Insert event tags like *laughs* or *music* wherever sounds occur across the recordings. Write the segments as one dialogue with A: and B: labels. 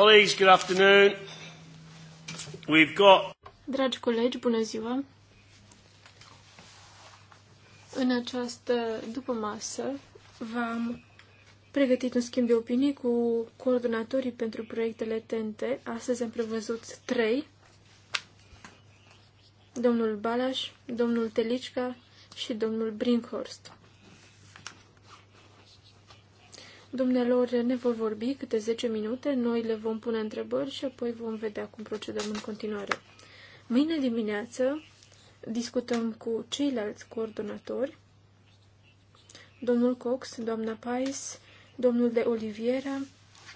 A: Colleagues, good afternoon. We've got... Dragi colegi, bună ziua! În această după masă v-am pregătit un schimb de opinii cu coordonatorii pentru proiectele TNT. Astăzi am prevăzut trei. Domnul Balaș, domnul Telicca și domnul Brinkhorst. Dumnealor ne vor vorbi câte 10 minute, noi le vom pune întrebări și apoi vom vedea cum procedăm în continuare. Mâine dimineață discutăm cu ceilalți coordonatori, domnul Cox, doamna Pais, domnul de Oliviera,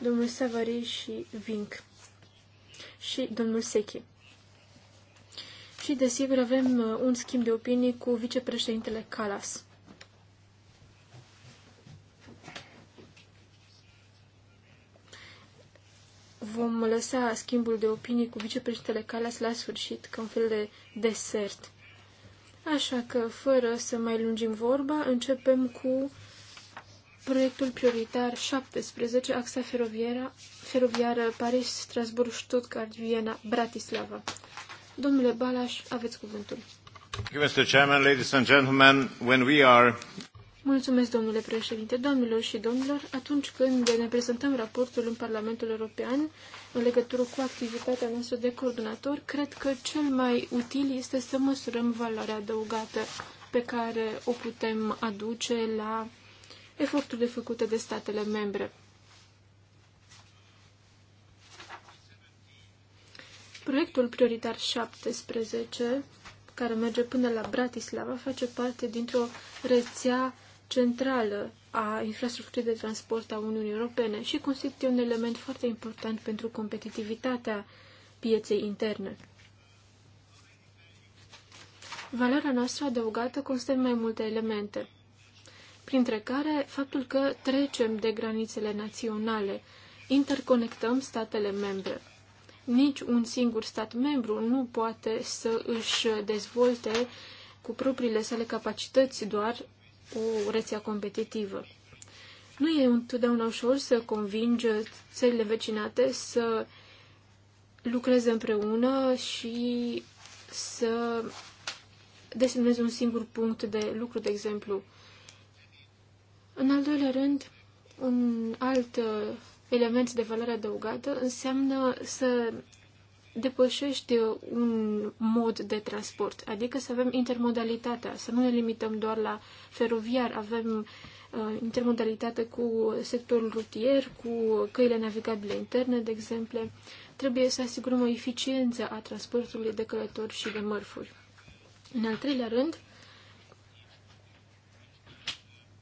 A: domnul Savary și Vink și domnul Sechi. Și, desigur, avem uh, un schimb de opinii cu vicepreședintele Calas. vom lăsa schimbul de opinii cu vicepreședintele Calas la sfârșit, ca un fel de desert. Așa că, fără să mai lungim vorba, începem cu proiectul prioritar 17, axa feroviară, feroviară Paris, Strasburg, Stuttgart, Viena, Bratislava. Domnule Balas, aveți cuvântul.
B: Mr. Chairman, ladies and gentlemen, when we are
A: Mulțumesc, domnule președinte, domnilor și domnilor. Atunci când ne prezentăm raportul în Parlamentul European în legătură cu activitatea noastră de coordonator, cred că cel mai util este să măsurăm valoarea adăugată pe care o putem aduce la eforturile făcute de statele membre. Proiectul prioritar 17, care merge până la Bratislava, face parte dintr-o rețea centrală a infrastructurii de transport a Uniunii Europene și constituie un element foarte important pentru competitivitatea pieței interne. Valoarea noastră adăugată constă în mai multe elemente, printre care faptul că trecem de granițele naționale, interconectăm statele membre. Nici un singur stat membru nu poate să își dezvolte cu propriile sale capacități doar o rețea competitivă. Nu e întotdeauna ușor să convingi țările vecinate să lucreze împreună și să desemneze un singur punct de lucru, de exemplu. În al doilea rând, un alt element de valoare adăugată înseamnă să depășește un mod de transport, adică să avem intermodalitatea, să nu ne limităm doar la feroviar, avem uh, intermodalitate cu sectorul rutier, cu căile navigabile interne, de exemplu. Trebuie să asigurăm o eficiență a transportului de călători și de mărfuri. În al treilea rând,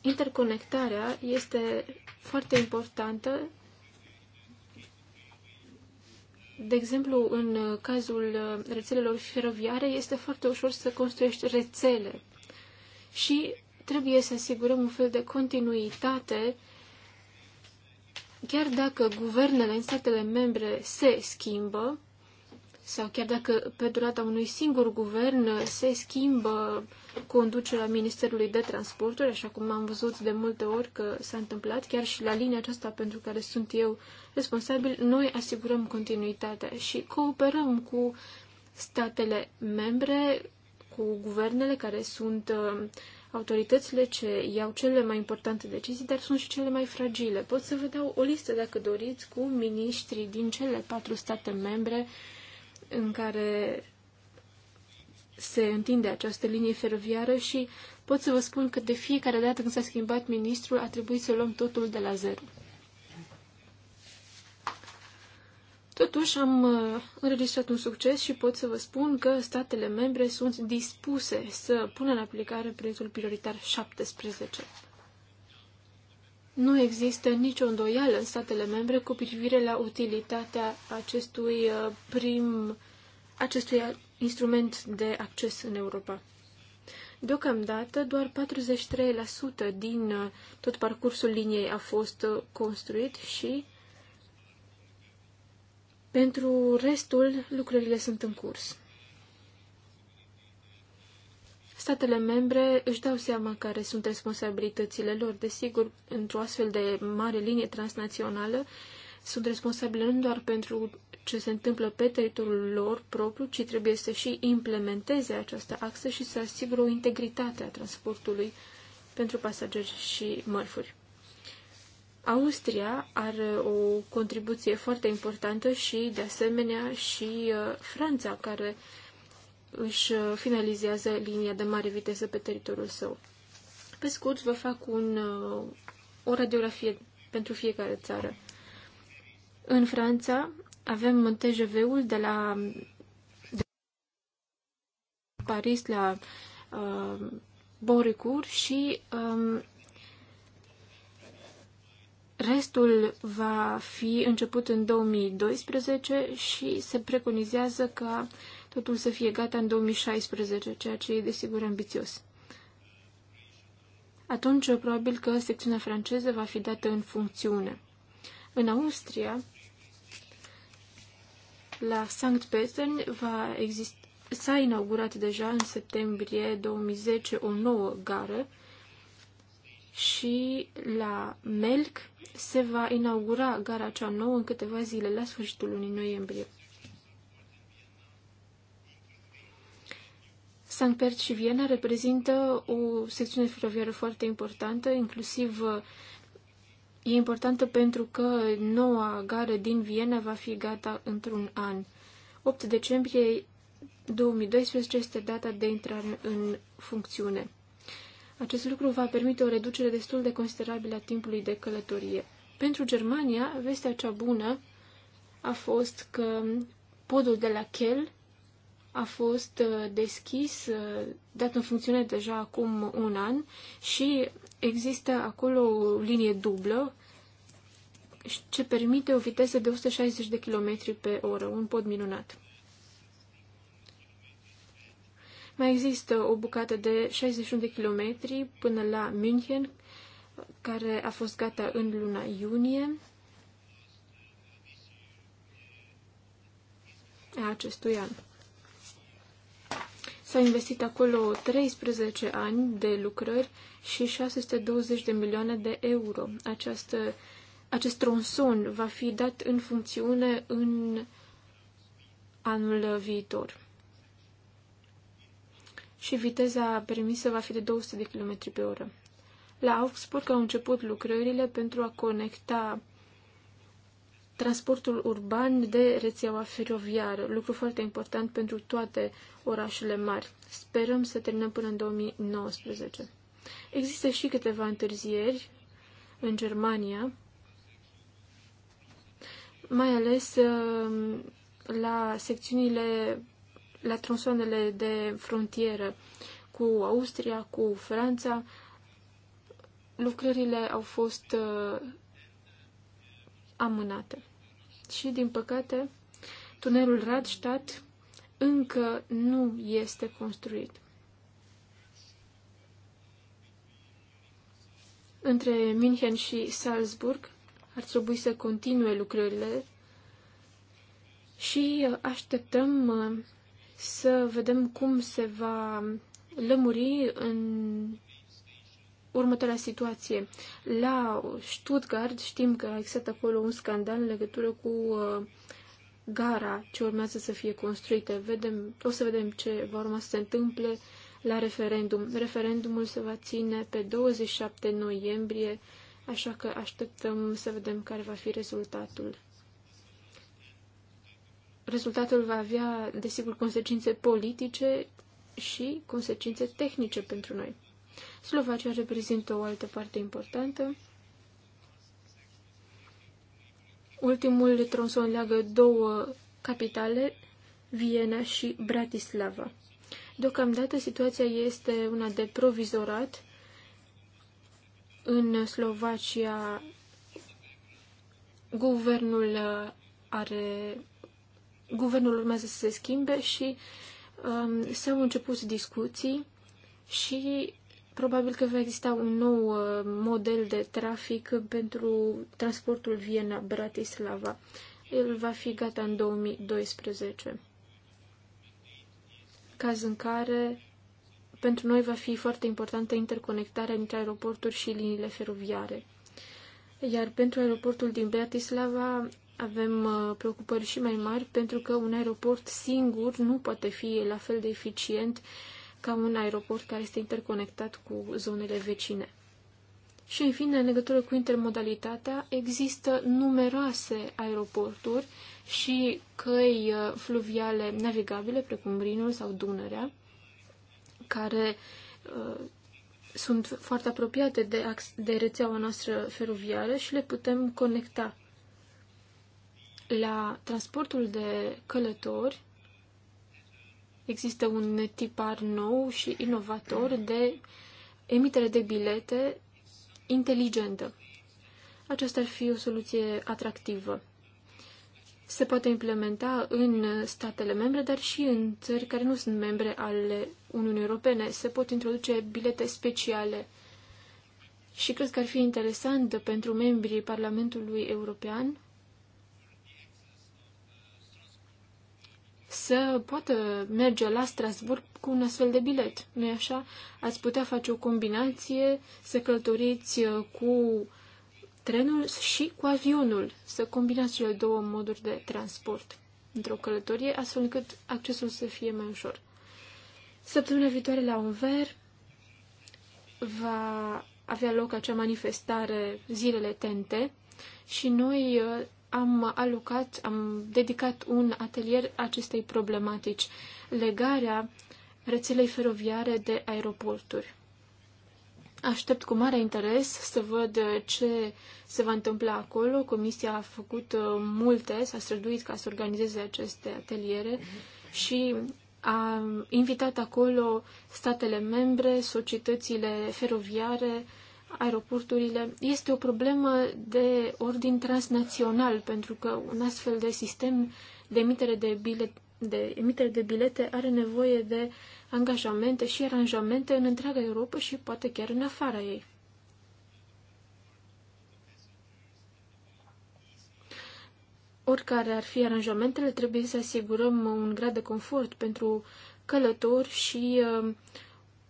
A: interconectarea este foarte importantă de exemplu, în cazul uh, rețelelor feroviare, este foarte ușor să construiești rețele și trebuie să asigurăm un fel de continuitate, chiar dacă guvernele în statele membre se schimbă, sau chiar dacă pe durata unui singur guvern se schimbă uh, conduce la Ministerului de Transporturi, așa cum am văzut de multe ori că s-a întâmplat, chiar și la linia aceasta pentru care sunt eu responsabil, noi asigurăm continuitatea și cooperăm cu statele membre, cu guvernele care sunt uh, autoritățile ce iau cele mai importante decizii, dar sunt și cele mai fragile. Pot să vă dau o listă, dacă doriți, cu miniștrii din cele patru state membre în care se întinde această linie feroviară și pot să vă spun că de fiecare dată când s-a schimbat ministrul a trebuit să luăm totul de la zero. Totuși am uh, înregistrat un succes și pot să vă spun că statele membre sunt dispuse să pună în aplicare proiectul prioritar 17. Nu există nicio îndoială în statele membre cu privire la utilitatea acestui uh, prim, acestui instrument de acces în Europa. Deocamdată, doar 43% din uh, tot parcursul liniei a fost uh, construit și pentru restul, lucrurile sunt în curs. Statele membre își dau seama care sunt responsabilitățile lor. Desigur, într-o astfel de mare linie transnațională, sunt responsabile nu doar pentru ce se întâmplă pe teritoriul lor propriu, ci trebuie să și implementeze această axă și să asigure o integritate a transportului pentru pasageri și mărfuri. Austria are o contribuție foarte importantă și, de asemenea, și uh, Franța, care își uh, finalizează linia de mare viteză pe teritoriul său. Pe scurt, vă fac un, uh, o radiografie pentru fiecare țară. În Franța, avem TGV-ul de la Paris la uh, Boricur și um, restul va fi început în 2012 și se preconizează ca totul să fie gata în 2016, ceea ce e desigur ambițios. Atunci, probabil că secțiunea franceză va fi dată în funcțiune. În Austria, la Sankt Peten va exista S-a inaugurat deja în septembrie 2010 o nouă gară și la Melk se va inaugura gara cea nouă în câteva zile, la sfârșitul lunii noiembrie. Sankt Pert și Viena reprezintă o secțiune feroviară foarte importantă, inclusiv E importantă pentru că noua gară din Viena va fi gata într-un an. 8 decembrie 2012 este data de intrare în funcțiune. Acest lucru va permite o reducere destul de considerabilă a timpului de călătorie. Pentru Germania, vestea cea bună a fost că podul de la Kiel a fost uh, deschis, uh, dat în funcțiune deja acum un an și există acolo o linie dublă ce permite o viteză de 160 de km pe oră, un pod minunat. Mai există o bucată de 61 de km până la München, care a fost gata în luna iunie a acestui an. S-au investit acolo 13 ani de lucrări și 620 de milioane de euro. Această, acest tronson va fi dat în funcțiune în anul viitor. Și viteza permisă va fi de 200 de km pe oră. La Augsburg au început lucrările pentru a conecta transportul urban de rețeaua feroviară, lucru foarte important pentru toate orașele mari. Sperăm să terminăm până în 2019. Există și câteva întârzieri în Germania, mai ales um, la secțiunile, la tronsoanele de frontieră cu Austria, cu Franța, lucrările au fost uh, amânate. Și, din păcate, tunelul Radstadt încă nu este construit. Între München și Salzburg ar trebui să continue lucrările și așteptăm uh, să vedem cum se va lămuri în următoarea situație. La Stuttgart știm că a existat acolo un scandal în legătură cu uh, gara ce urmează să fie construită. Vedem, o să vedem ce va urma să se întâmple la referendum. Referendumul se va ține pe 27 noiembrie, așa că așteptăm să vedem care va fi rezultatul. Rezultatul va avea, desigur, consecințe politice și consecințe tehnice pentru noi. Slovacia reprezintă o altă parte importantă. Ultimul tronson leagă două capitale, Viena și Bratislava. Deocamdată situația este una de provizorat. În Slovacia guvernul are guvernul urmează să se schimbe și um, s-au început discuții și Probabil că va exista un nou uh, model de trafic pentru transportul Viena-Bratislava. El va fi gata în 2012. Caz în care pentru noi va fi foarte importantă interconectarea dintre aeroporturi și liniile feroviare. Iar pentru aeroportul din Bratislava avem uh, preocupări și mai mari pentru că un aeroport singur nu poate fi la fel de eficient uh, ca un aeroport care este interconectat cu zonele vecine. Și, în fine, în legătură cu intermodalitatea, există numeroase aeroporturi și căi uh, fluviale navigabile, precum Rinul sau Dunărea, care uh, sunt foarte apropiate de, de rețeaua noastră feroviară și le putem conecta. La transportul de călători Există un tipar nou și inovator de emitere de bilete inteligentă. Aceasta ar fi o soluție atractivă. Se poate implementa în statele membre, dar și în țări care nu sunt membre ale Uniunii Europene. Se pot introduce bilete speciale și cred că ar fi interesant pentru membrii Parlamentului European să poată merge la Strasburg cu un astfel de bilet. nu așa? Ați putea face o combinație, să călătoriți uh, cu trenul și cu avionul, să combinați cele două moduri de transport într-o călătorie, astfel încât accesul să fie mai ușor. Săptămâna viitoare la Unver va avea loc acea manifestare Zilele Tente și noi uh, am alocat, am dedicat un atelier acestei problematici, legarea rețelei feroviare de aeroporturi. Aștept cu mare interes să văd ce se va întâmpla acolo. Comisia a făcut uh, multe, s-a străduit ca să organizeze aceste ateliere și a invitat acolo statele membre, societățile feroviare, aeroporturile, este o problemă de ordin transnațional, pentru că un astfel de sistem de emitere de, bilet, de emitere de bilete are nevoie de angajamente și aranjamente în întreaga Europa și poate chiar în afara ei. Oricare ar fi aranjamentele, trebuie să asigurăm un grad de confort pentru călători și uh,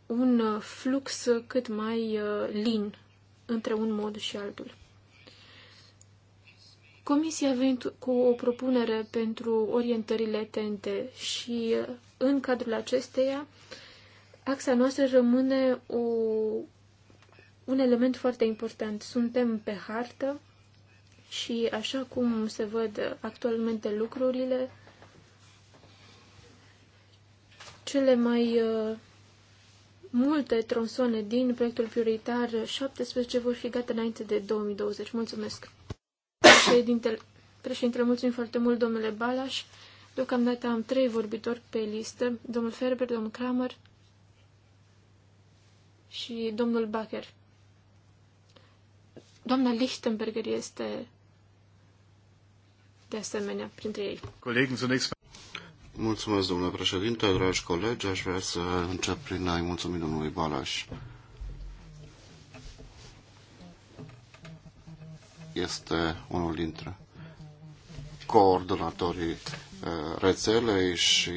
A: un uh, flux cât mai uh, lin între un mod și altul. Comisia a venit cu o propunere pentru orientările TNT și uh, în cadrul acesteia axa noastră rămâne o, un element foarte important. Suntem pe hartă și așa cum se văd actualmente lucrurile, cele mai multe tronsoane din proiectul prioritar 17 vor fi gata înainte de 2020. Mulțumesc! Președintele, președintele mulțumim foarte mult, domnule Balaș. Deocamdată am trei vorbitori pe listă, domnul Ferber, domnul Kramer și domnul Bacher. Doamna Lichtenberger este de asemenea printre ei.
B: Colegi, Mulțumesc, domnule președinte, dragi colegi. Aș vrea să încep prin a-i mulțumi domnului Balaș. Este unul dintre coordonatorii uh, rețelei și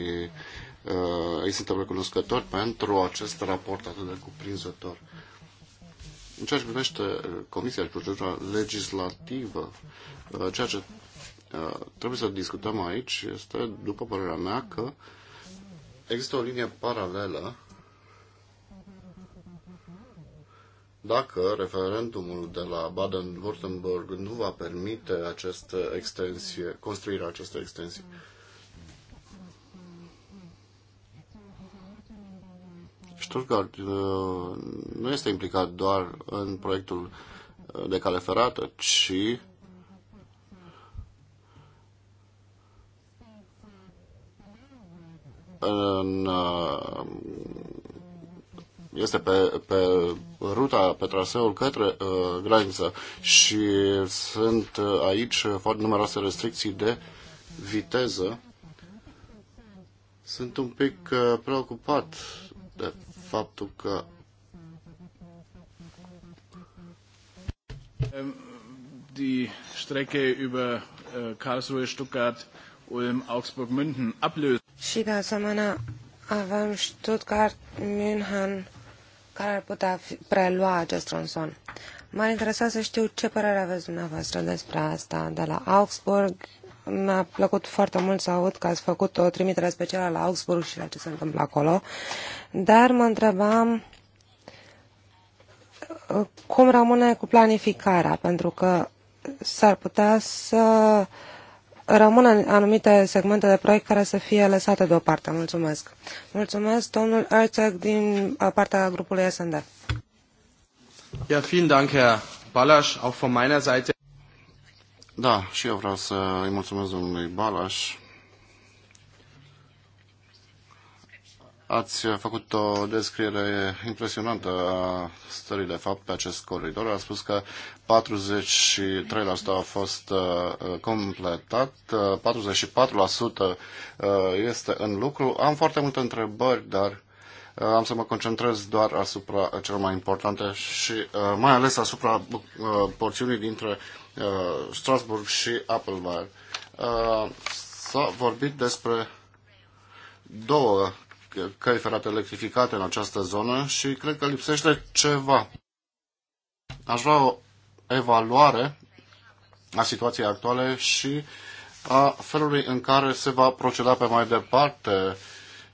B: uh, îi suntem recunoscători pentru acest raport atât de cuprinzător. În ceea ce privește Comisia și procedura legislativă, uh, ceea ce Uh, trebuie să discutăm aici este, după părerea mea, că există o linie paralelă dacă referendumul de la Baden-Württemberg nu va permite această extensie, construirea acestei extensii. Stuttgart uh, nu este implicat doar în proiectul de cale ferată, ci în, uh, este pe, pe ruta, pe traseul către uh, graniță și sunt uh, aici foarte numeroase restricții de viteză. Sunt un pic uh, preocupat de faptul că ähm, die Strecke über äh, Karlsruhe, Stuttgart, Ulm, Augsburg, München ablösen.
C: Și de asemenea avem Stuttgart, München, care ar putea fi, prelua acest tronson. M-ar interesa să știu ce părere aveți dumneavoastră despre asta de la Augsburg. Mi-a plăcut foarte mult să aud că ați făcut o trimitere specială la Augsburg și la ce se întâmplă acolo, dar mă întrebam cum rămâne cu planificarea, pentru că s-ar putea să uh, rămân anumite segmente de proiect care să fie lăsate deoparte. Mulțumesc. Mulțumesc, domnul Erceg, din uh, partea grupului SND.
B: Ja, vielen Dank, Herr Balasch, auch von meiner Seite. Da, și eu vreau să îi mulțumesc domnului Balasch Ați făcut o descriere impresionantă a stării de fapt pe acest coridor. A spus că 43% a fost uh, completat, 44% uh, uh, este în lucru. Am foarte multe întrebări, dar am să mă concentrez doar asupra celor mai importante și mai ales asupra porțiunii dintre Strasburg și Appleby. S-a vorbit despre două căi ferate electrificate în această zonă și cred că lipsește ceva. Aș vrea o evaluare a situației actuale și a felului în care se va proceda pe mai departe,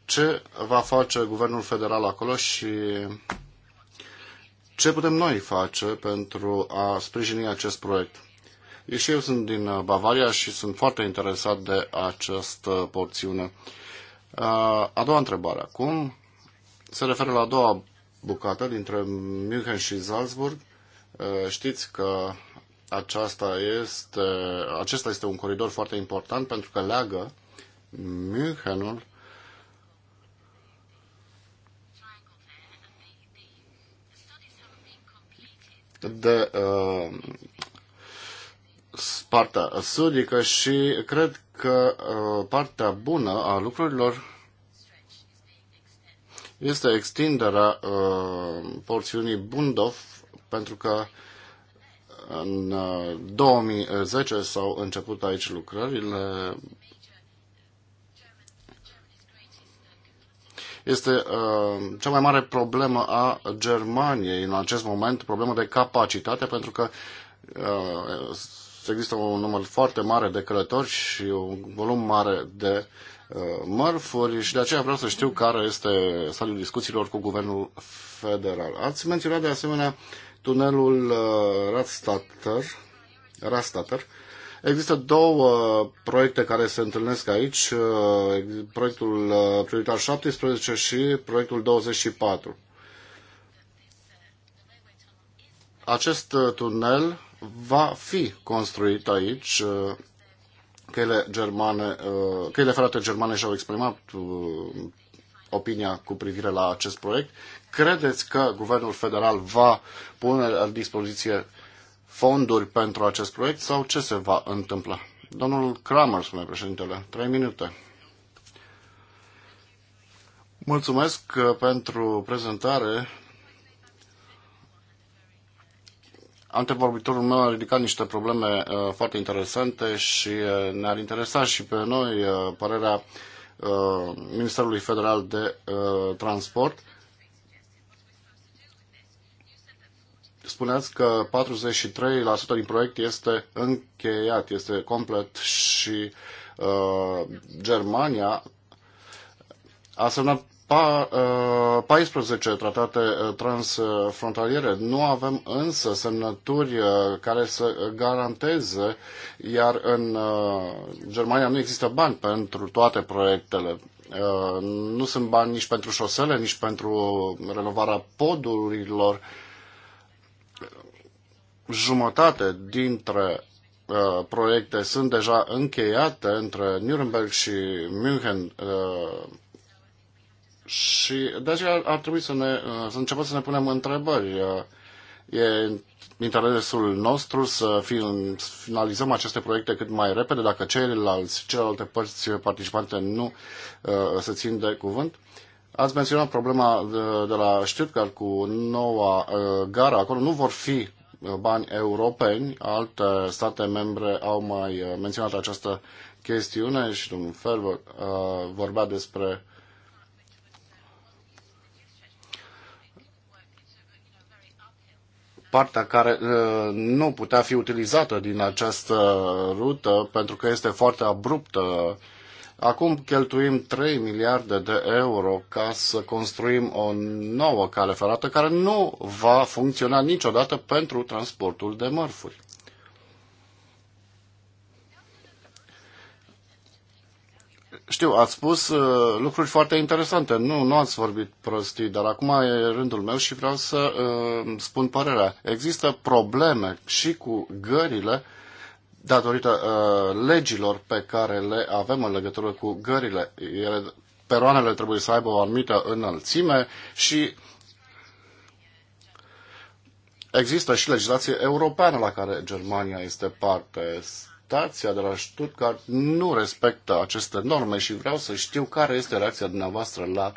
B: ce va face guvernul federal acolo și ce putem noi face pentru a sprijini acest proiect. și eu sunt din Bavaria și sunt foarte interesat de această porțiune. Uh, a doua întrebare acum se referă la a doua bucată dintre München și Salzburg. Uh, știți că aceasta este, acesta este un coridor foarte important pentru că leagă Münchenul de uh, partea sudică și cred că uh, partea bună a lucrurilor este extinderea uh, porțiunii Bundov, pentru că în 2010 uh, s-au început aici lucrările. Este uh, cea mai mare problemă a Germaniei în acest moment, problemă de capacitate, pentru că uh, există un număr foarte mare de călători și un volum mare de uh, mărfuri și de aceea vreau să știu care este stadiul discuțiilor cu Guvernul Federal. Ați menționat de asemenea tunelul uh, Rastatter. Există două proiecte care se întâlnesc aici, uh, proiectul uh, prioritar 17 și proiectul 24. Acest tunel va fi construit aici. Căile, germane, căile ferate germane și-au exprimat uh, opinia cu privire la acest proiect. Credeți că guvernul federal va pune la dispoziție fonduri pentru acest proiect sau ce se va întâmpla? Domnul Kramer, spune președintele, trei minute. Mulțumesc uh, pentru prezentare. Antevorbitorul meu a ridicat niște probleme uh, foarte interesante și uh, ne-ar interesa și pe noi uh, părerea Ministerului Federal de Transport. Spuneați că 43% din proiect este încheiat, este complet și Germania a semnat 14 uh, tratate uh, transfrontaliere. Nu avem însă semnături uh, care să garanteze, iar în Germania nu există bani pentru toate proiectele. Nu sunt bani nici pentru șosele, nici pentru renovarea podurilor. Jumătate dintre proiecte sunt deja încheiate între Nuremberg și München și de deci, aceea ar trebui să, ne, uh, să începem să ne punem întrebări. Uh, e interesul nostru să finalizăm aceste proiecte cât mai repede, dacă ceilalți, celelalte părți participante nu uh, se țin de cuvânt. Ați menționat problema de, de la Stuttgart cu noua gara. Acolo nu vor fi bani europeni. Alte state membre au mai menționat această chestiune și domnul Ferber vorbea despre partea care uh, nu putea fi utilizată din această rută pentru că este foarte abruptă. Acum cheltuim 3 miliarde de euro ca să construim o nouă cale ferată care nu va funcționa niciodată pentru transportul de mărfuri. Știu, ați spus uh, lucruri foarte interesante. Nu, nu ați vorbit prostii, dar acum e rândul meu și vreau să uh, spun părerea. Există probleme și cu gările datorită uh, legilor pe care le avem în legătură cu gările. Ele, peroanele trebuie să aibă o anumită înălțime și există și legislație europeană la care Germania este parte. Fundația de la Stuttgart nu respectă aceste norme și vreau să știu care este reacția dumneavoastră la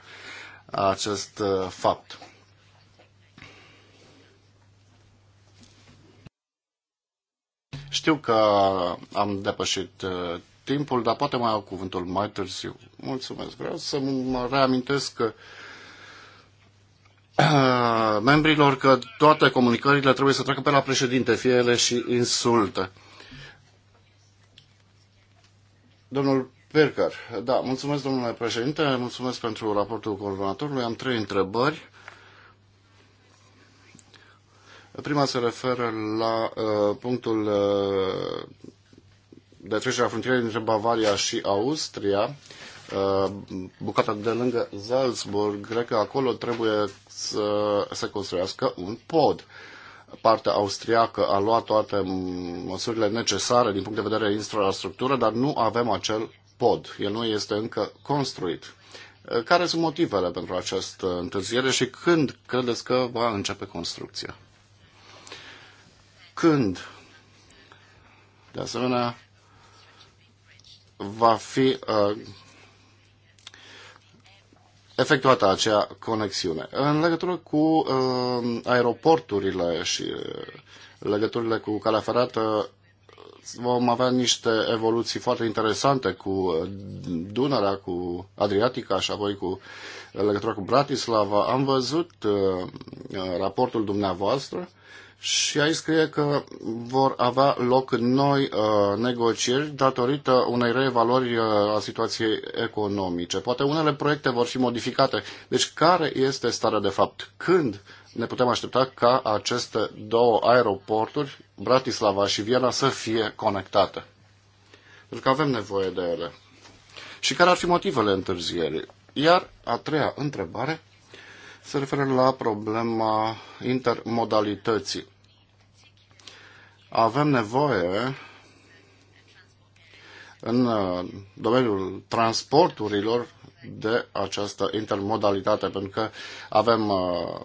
B: acest uh, fapt. Știu că am depășit uh, timpul, dar poate mai au cuvântul mai târziu. Mulțumesc. Vreau să mă reamintesc că uh, membrilor că toate comunicările trebuie să treacă pe la președinte, fie ele și insulte. Domnul Pircăr, da, mulțumesc domnule președinte, mulțumesc pentru raportul coordonatorului. Am trei întrebări. Prima se referă la uh, punctul uh, de trecere a frontierei dintre Bavaria și Austria, uh, bucata de lângă Salzburg, cred că acolo trebuie să se construiască un pod partea austriacă a luat toate măsurile necesare din punct de vedere infrastructură, dar nu avem acel pod. El nu este încă construit. Uh, care sunt motivele pentru această întârziere și când credeți că va începe construcția? Când, de asemenea, va fi uh, efectuată acea conexiune. În legătură cu uh, aeroporturile și uh, legăturile cu calea ferată, vom avea niște evoluții foarte interesante cu uh, Dunărea, cu Adriatica și apoi cu uh, legătura cu Bratislava. Am văzut uh, raportul dumneavoastră și aici scrie că vor avea loc noi uh, negocieri datorită unei reevaluări uh, a situației economice. Poate unele proiecte vor fi modificate. Deci care este starea de fapt? Când ne putem aștepta ca aceste două aeroporturi, Bratislava și Viena, să fie conectate? Pentru că avem nevoie de ele. Și care ar fi motivele întârzierii? Iar a treia întrebare se referă la problema intermodalității. Avem nevoie în uh, domeniul transporturilor de această intermodalitate, pentru că avem uh,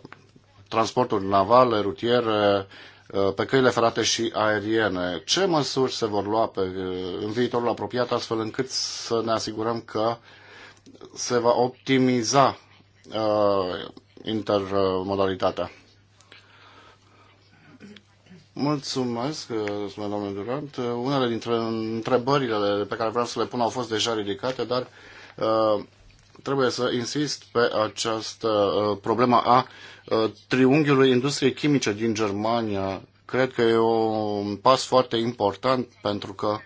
B: transporturi navale, rutiere, uh, pe căile ferate și aeriene. Ce măsuri se vor lua pe, în viitorul apropiat astfel încât să ne asigurăm că se va optimiza intermodalitatea. Mulțumesc, uh, spune domnul Durant. Uh, unele dintre întrebările pe care vreau să le pun au fost deja ridicate, dar uh, trebuie să insist pe această problemă a triunghiului industriei chimice din Germania. Cred că e un pas foarte important pentru că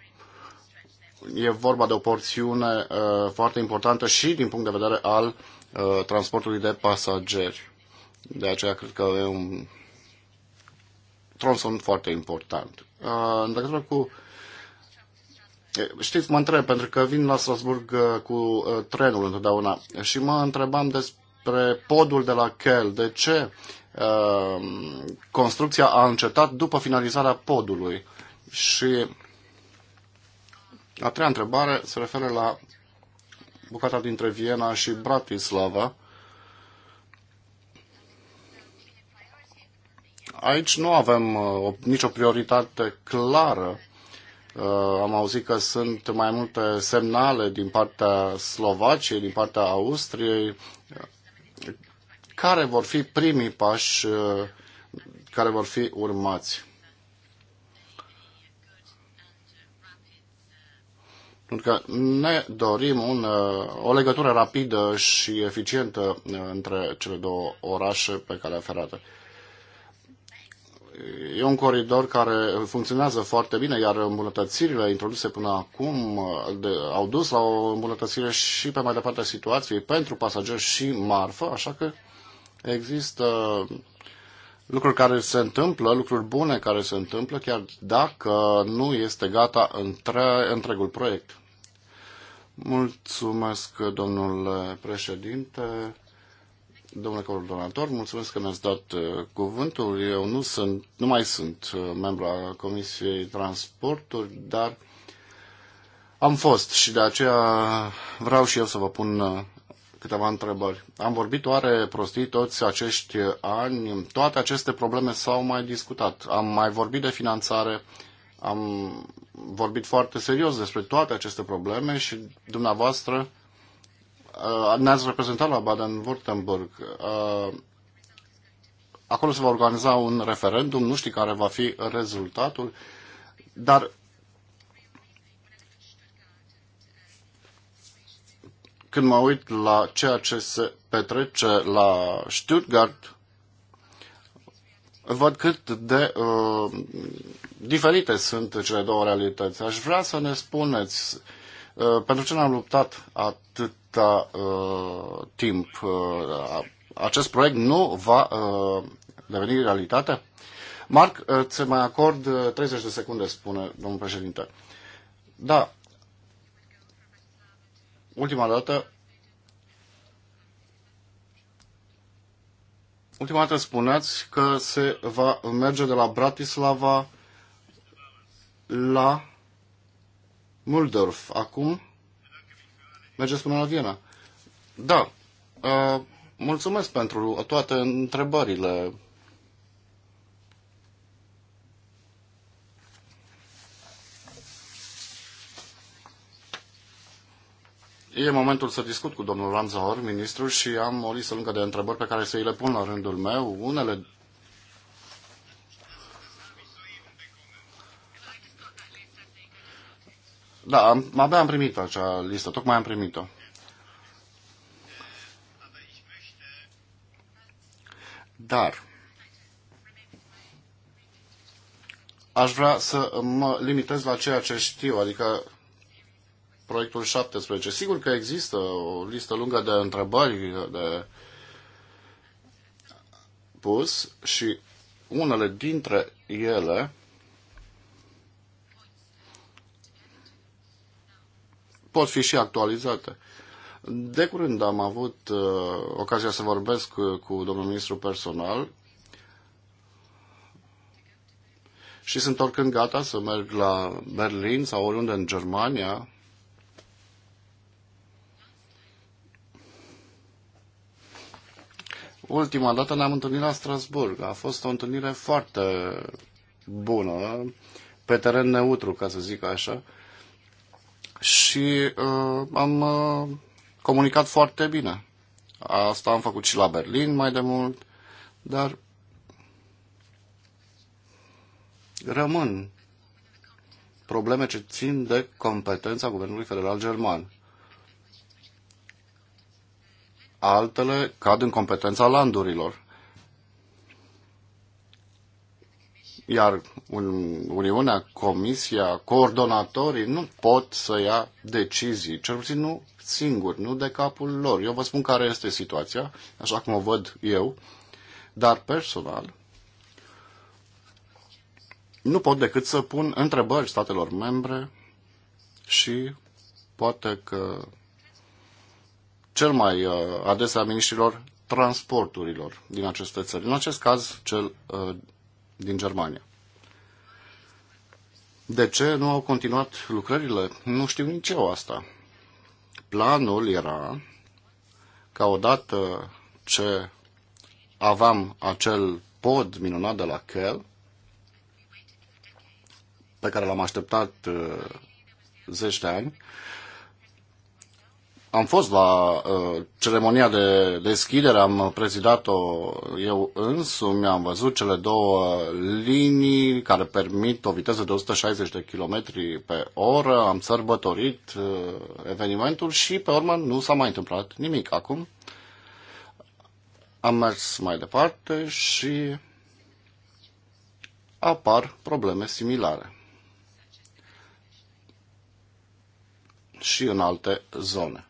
B: e vorba de o porțiune foarte importantă și din punct de vedere al uh, Uh, transportului de pasageri. De aceea cred că e un tronson foarte important. Uh, în legătură cu Știți, mă întreb, pentru că vin la Strasburg uh, cu trenul întotdeauna și mă întrebam despre podul de la Kel. De ce construcția a încetat după finalizarea podului? Și a treia întrebare se referă la bucata dintre Viena și Bratislava. Aici nu avem uh, nicio prioritate clară. Uh, am auzit că sunt mai multe semnale din partea Slovaciei, din partea Austriei, care vor fi primii pași uh, care vor fi urmați. Pentru că ne dorim un, uh, o legătură rapidă și eficientă uh, între cele două orașe pe calea ferată. E un coridor care funcționează foarte bine, iar îmbunătățirile introduse până acum uh, de, au dus la o îmbunătățire și pe mai departe a situației pentru pasageri și marfă, așa că există lucruri care se întâmplă, lucruri bune care se întâmplă, chiar dacă nu este gata între, întregul proiect. Mulțumesc, domnule președinte, domnule coordonator, mulțumesc că mi-ați dat uh, cuvântul. Eu nu, sunt, nu mai sunt uh, membru al Comisiei Transporturi, dar am fost și de aceea vreau și eu să vă pun uh, câteva întrebări. Am vorbit oare prostii toți acești ani? Toate aceste probleme s-au mai discutat. Am mai vorbit de finanțare, am vorbit foarte serios despre toate aceste probleme și dumneavoastră uh, ne-ați reprezentat la Baden-Württemberg. Uh, acolo se va organiza un referendum, nu știi care va fi rezultatul, dar când mă uit la ceea ce se petrece la Stuttgart, văd cât de uh, diferite sunt cele două realități. Aș vrea să ne spuneți uh, pentru ce n am luptat atâta uh, timp. Uh, acest proiect nu va uh, deveni realitate? Marc, uh, ți mai acord 30 uh, de secunde, spune domnul președinte. Da, ultima dată ultima dată spuneați că se va merge de la Bratislava la Muldorf. Acum mergeți până la Viena. Da. Uh, mulțumesc pentru toate întrebările E momentul să discut cu domnul Ranzor, ministru, și am o listă lungă de întrebări pe care să îi le pun la rândul meu. Unele Da, am, abia am primit acea listă, tocmai am primit-o. Dar aș vrea să mă limitez la ceea ce știu, adică proiectul 17. Sigur că există o listă lungă de întrebări de pus și unele dintre ele pot fi și actualizate. De curând am avut uh, ocazia să vorbesc cu, uh, cu domnul ministru personal și sunt oricând gata să merg la Berlin sau oriunde în Germania Ultima dată ne-am întâlnit la Strasburg. A fost o întâlnire foarte bună, pe teren neutru, ca să zic așa. Și uh, am uh, comunicat foarte bine. Asta am făcut și la Berlin mai de mult, dar rămân probleme ce țin de competența Guvernului Federal German altele cad în competența landurilor. Iar Uniunea, Comisia, coordonatorii nu pot să ia decizii, cel puțin nu singuri, nu de capul lor. Eu vă spun care este situația, așa cum o văd eu, dar personal nu pot decât să pun întrebări statelor membre și poate că cel mai uh, adesea miniștrilor transporturilor din aceste țări. În acest caz, cel uh, din Germania. De ce nu au continuat lucrările? Nu știu nici eu asta. Planul era ca odată ce aveam acel pod minunat de la Kel, pe care l-am așteptat uh, zeci de ani, am fost la uh, ceremonia de deschidere, am prezidat-o eu însumi, am văzut cele două linii care permit o viteză de 160 de km pe oră, am sărbătorit uh, evenimentul și pe urmă nu s-a mai întâmplat nimic. Acum am mers mai departe și apar probleme similare. și în alte zone.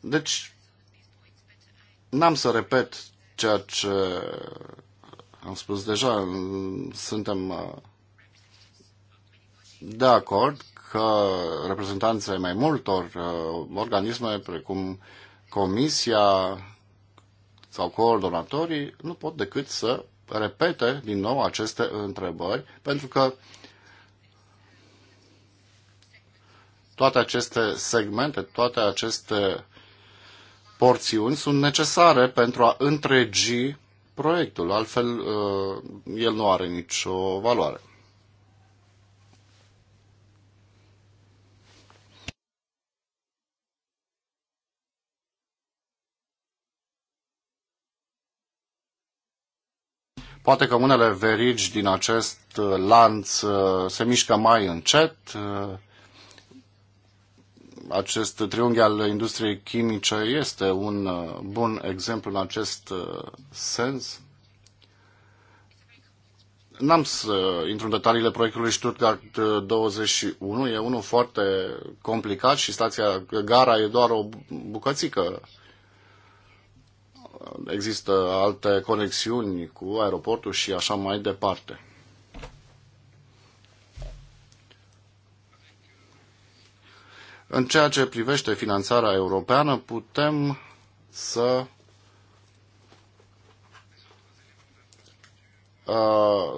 B: Deci, n-am să repet ceea ce am spus deja, suntem uh, de acord că reprezentanții mai multor uh, organisme, precum Comisia sau coordonatorii, nu pot decât să repete din nou aceste întrebări, pentru că toate aceste segmente, toate aceste porțiuni sunt necesare pentru a întregi proiectul, altfel uh, el nu are nicio valoare. Poate că unele verigi din acest uh, lanț uh, se mișcă mai încet, acest triunghi al industriei chimice este un uh, bun exemplu în acest uh, sens. N-am să intru în detaliile proiectului Stuttgart 21, uh, e unul foarte complicat și stația Gara e doar o bucățică. Există alte conexiuni cu aeroportul și așa mai departe. În ceea ce privește finanțarea europeană, putem să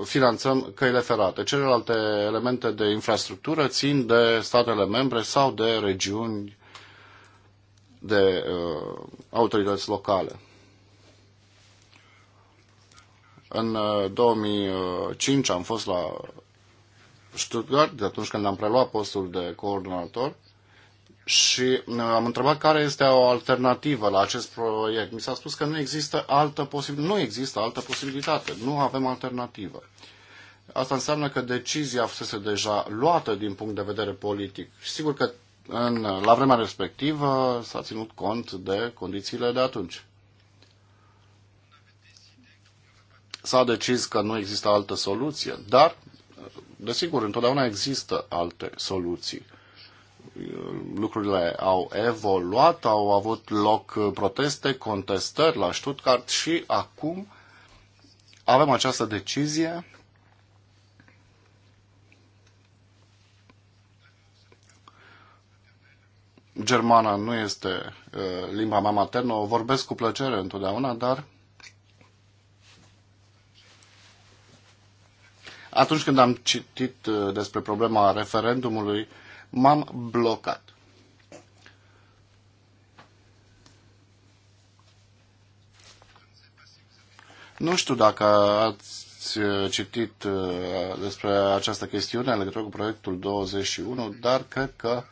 B: finanțăm căile ferate. Celelalte elemente de infrastructură țin de statele membre sau de regiuni de uh, autorități locale. În 2005 am fost la Stuttgart, de atunci când am preluat postul de coordonator și uh, am întrebat care este o alternativă la acest proiect. Mi s-a spus că nu există altă posibilitate. Nu există altă posibilitate. Nu avem alternativă. Asta înseamnă că decizia fusese deja luată din punct de vedere politic. Și sigur că în, la vremea respectivă s-a ținut cont de condițiile de atunci. S-a decis că nu există altă soluție, dar, desigur, întotdeauna există alte soluții lucrurile au evoluat, au avut loc uh, proteste, contestări la Stuttgart și acum avem această decizie germana nu este uh, limba mea maternă, o vorbesc cu plăcere întotdeauna, dar atunci când am citit uh, despre problema referendumului m-am blocat. Nu știu dacă ați uh, citit uh, despre această chestiune în legătură cu proiectul 21, dar cred că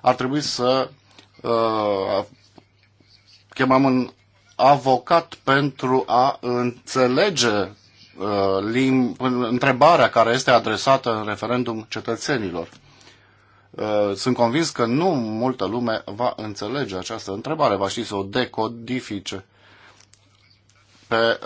B: ar trebui să uh, chemăm un avocat pentru a înțelege uh, întrebarea care este adresată în referendum cetățenilor. Uh, sunt convins că nu multă lume va înțelege această întrebare, va ști să o decodifice. Pe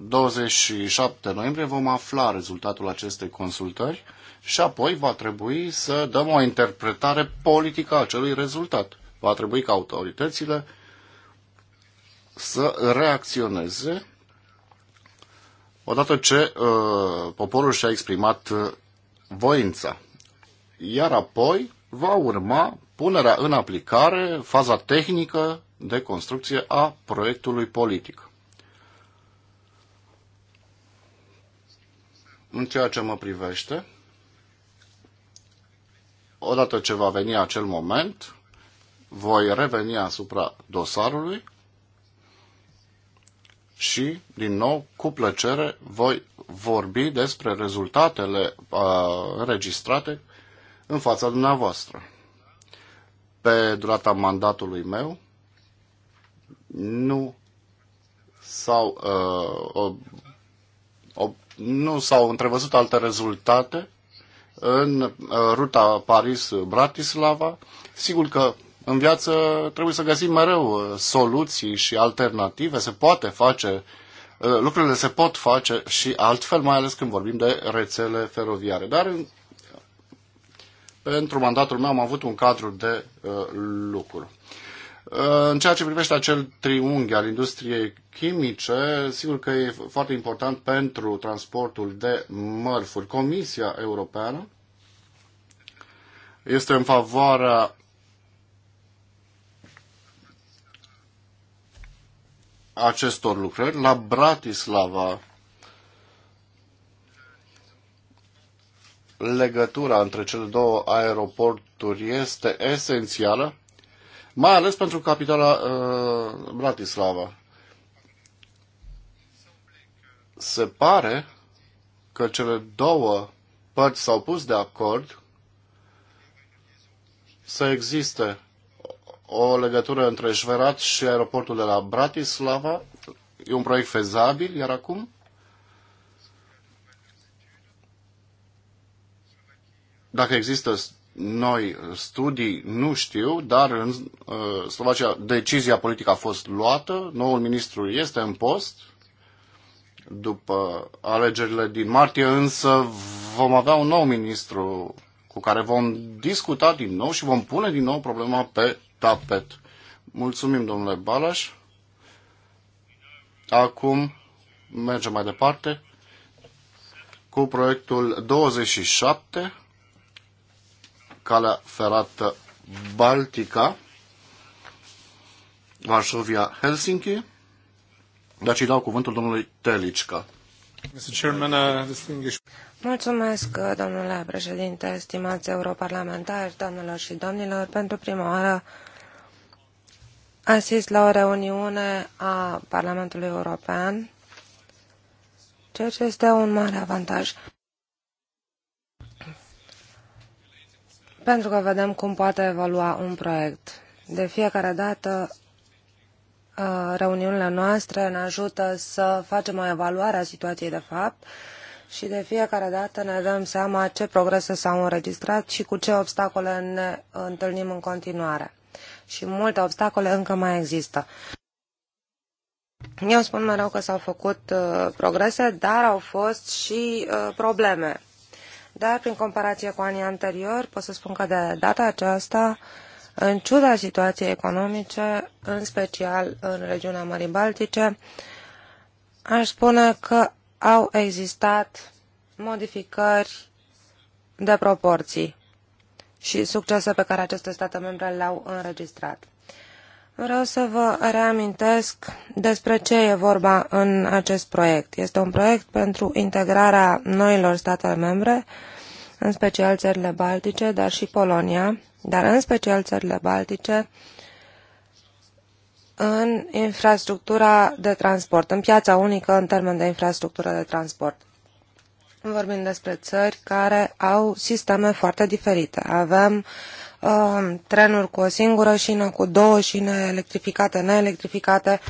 B: 27 uh, noiembrie vom afla rezultatul acestei consultări și apoi va trebui să dăm o interpretare politică a acelui rezultat. Va trebui ca autoritățile să reacționeze odată ce uh, poporul și-a exprimat uh, voința iar apoi va urma punerea în aplicare, faza tehnică de construcție a proiectului politic. În ceea ce mă privește, odată ce va veni acel moment, voi reveni asupra dosarului și, din nou, cu plăcere, voi vorbi despre rezultatele uh, înregistrate în fața dumneavoastră. Pe durata mandatului meu nu s-au uh, nu s-au întrevăzut alte rezultate în uh, ruta Paris-Bratislava. Sigur că în viață trebuie să găsim mereu uh, soluții și alternative. Se poate face, uh, lucrurile se pot face și altfel, mai ales când vorbim de rețele feroviare. Dar în pentru mandatul meu am avut un cadru de uh, lucru. Uh, în ceea ce privește acel triunghi al industriei chimice, sigur că e foarte important pentru transportul de mărfuri. Comisia Europeană este în favoarea acestor lucrări. La Bratislava legătura între cele două aeroporturi este esențială, mai ales pentru capitala uh, Bratislava. Se pare că cele două părți s-au pus de acord să existe o legătură între Șverat și aeroportul de la Bratislava. E un proiect fezabil, iar acum Dacă există noi studii, nu știu, dar în uh, Slovacia decizia politică a fost luată, noul ministru este în post, după alegerile din martie, însă vom avea un nou ministru cu care vom discuta din nou și vom pune din nou problema pe tapet. Mulțumim, domnule Balaș. Acum mergem mai departe cu proiectul 27 calea ferată Baltica, varsovia Helsinki. Deci îi dau cuvântul domnului Telicca. Uh,
C: Mulțumesc, uh, domnule președinte, stimați europarlamentari, domnilor și domnilor. Pentru prima oară asist la o reuniune a Parlamentului European, ceea ce este un mare avantaj. pentru că vedem cum poate evolua un proiect. De fiecare dată, uh, reuniunile noastre ne ajută să facem o evaluare a situației de fapt și de fiecare dată ne dăm seama ce progrese s-au înregistrat și cu ce obstacole ne întâlnim în continuare. Și multe obstacole încă mai există. Eu spun mereu că s-au făcut uh, progrese, dar au fost și uh, probleme dar, prin comparație cu anii anteriori, pot să spun că de data aceasta, în ciuda situației economice, în special în regiunea Mării Baltice, aș spune că au existat modificări de proporții și succese pe care aceste state membre le-au înregistrat. Vreau să vă reamintesc despre ce e vorba în acest proiect. Este un proiect pentru integrarea noilor state membre, în special țările baltice, dar și Polonia, dar în special țările baltice, în infrastructura de transport, în piața unică în termen de infrastructură de transport. Vorbim despre țări care au sisteme foarte diferite. Avem uh, Um, trenuri cu o singură șină, cu două șine electrificate, neelectrificate,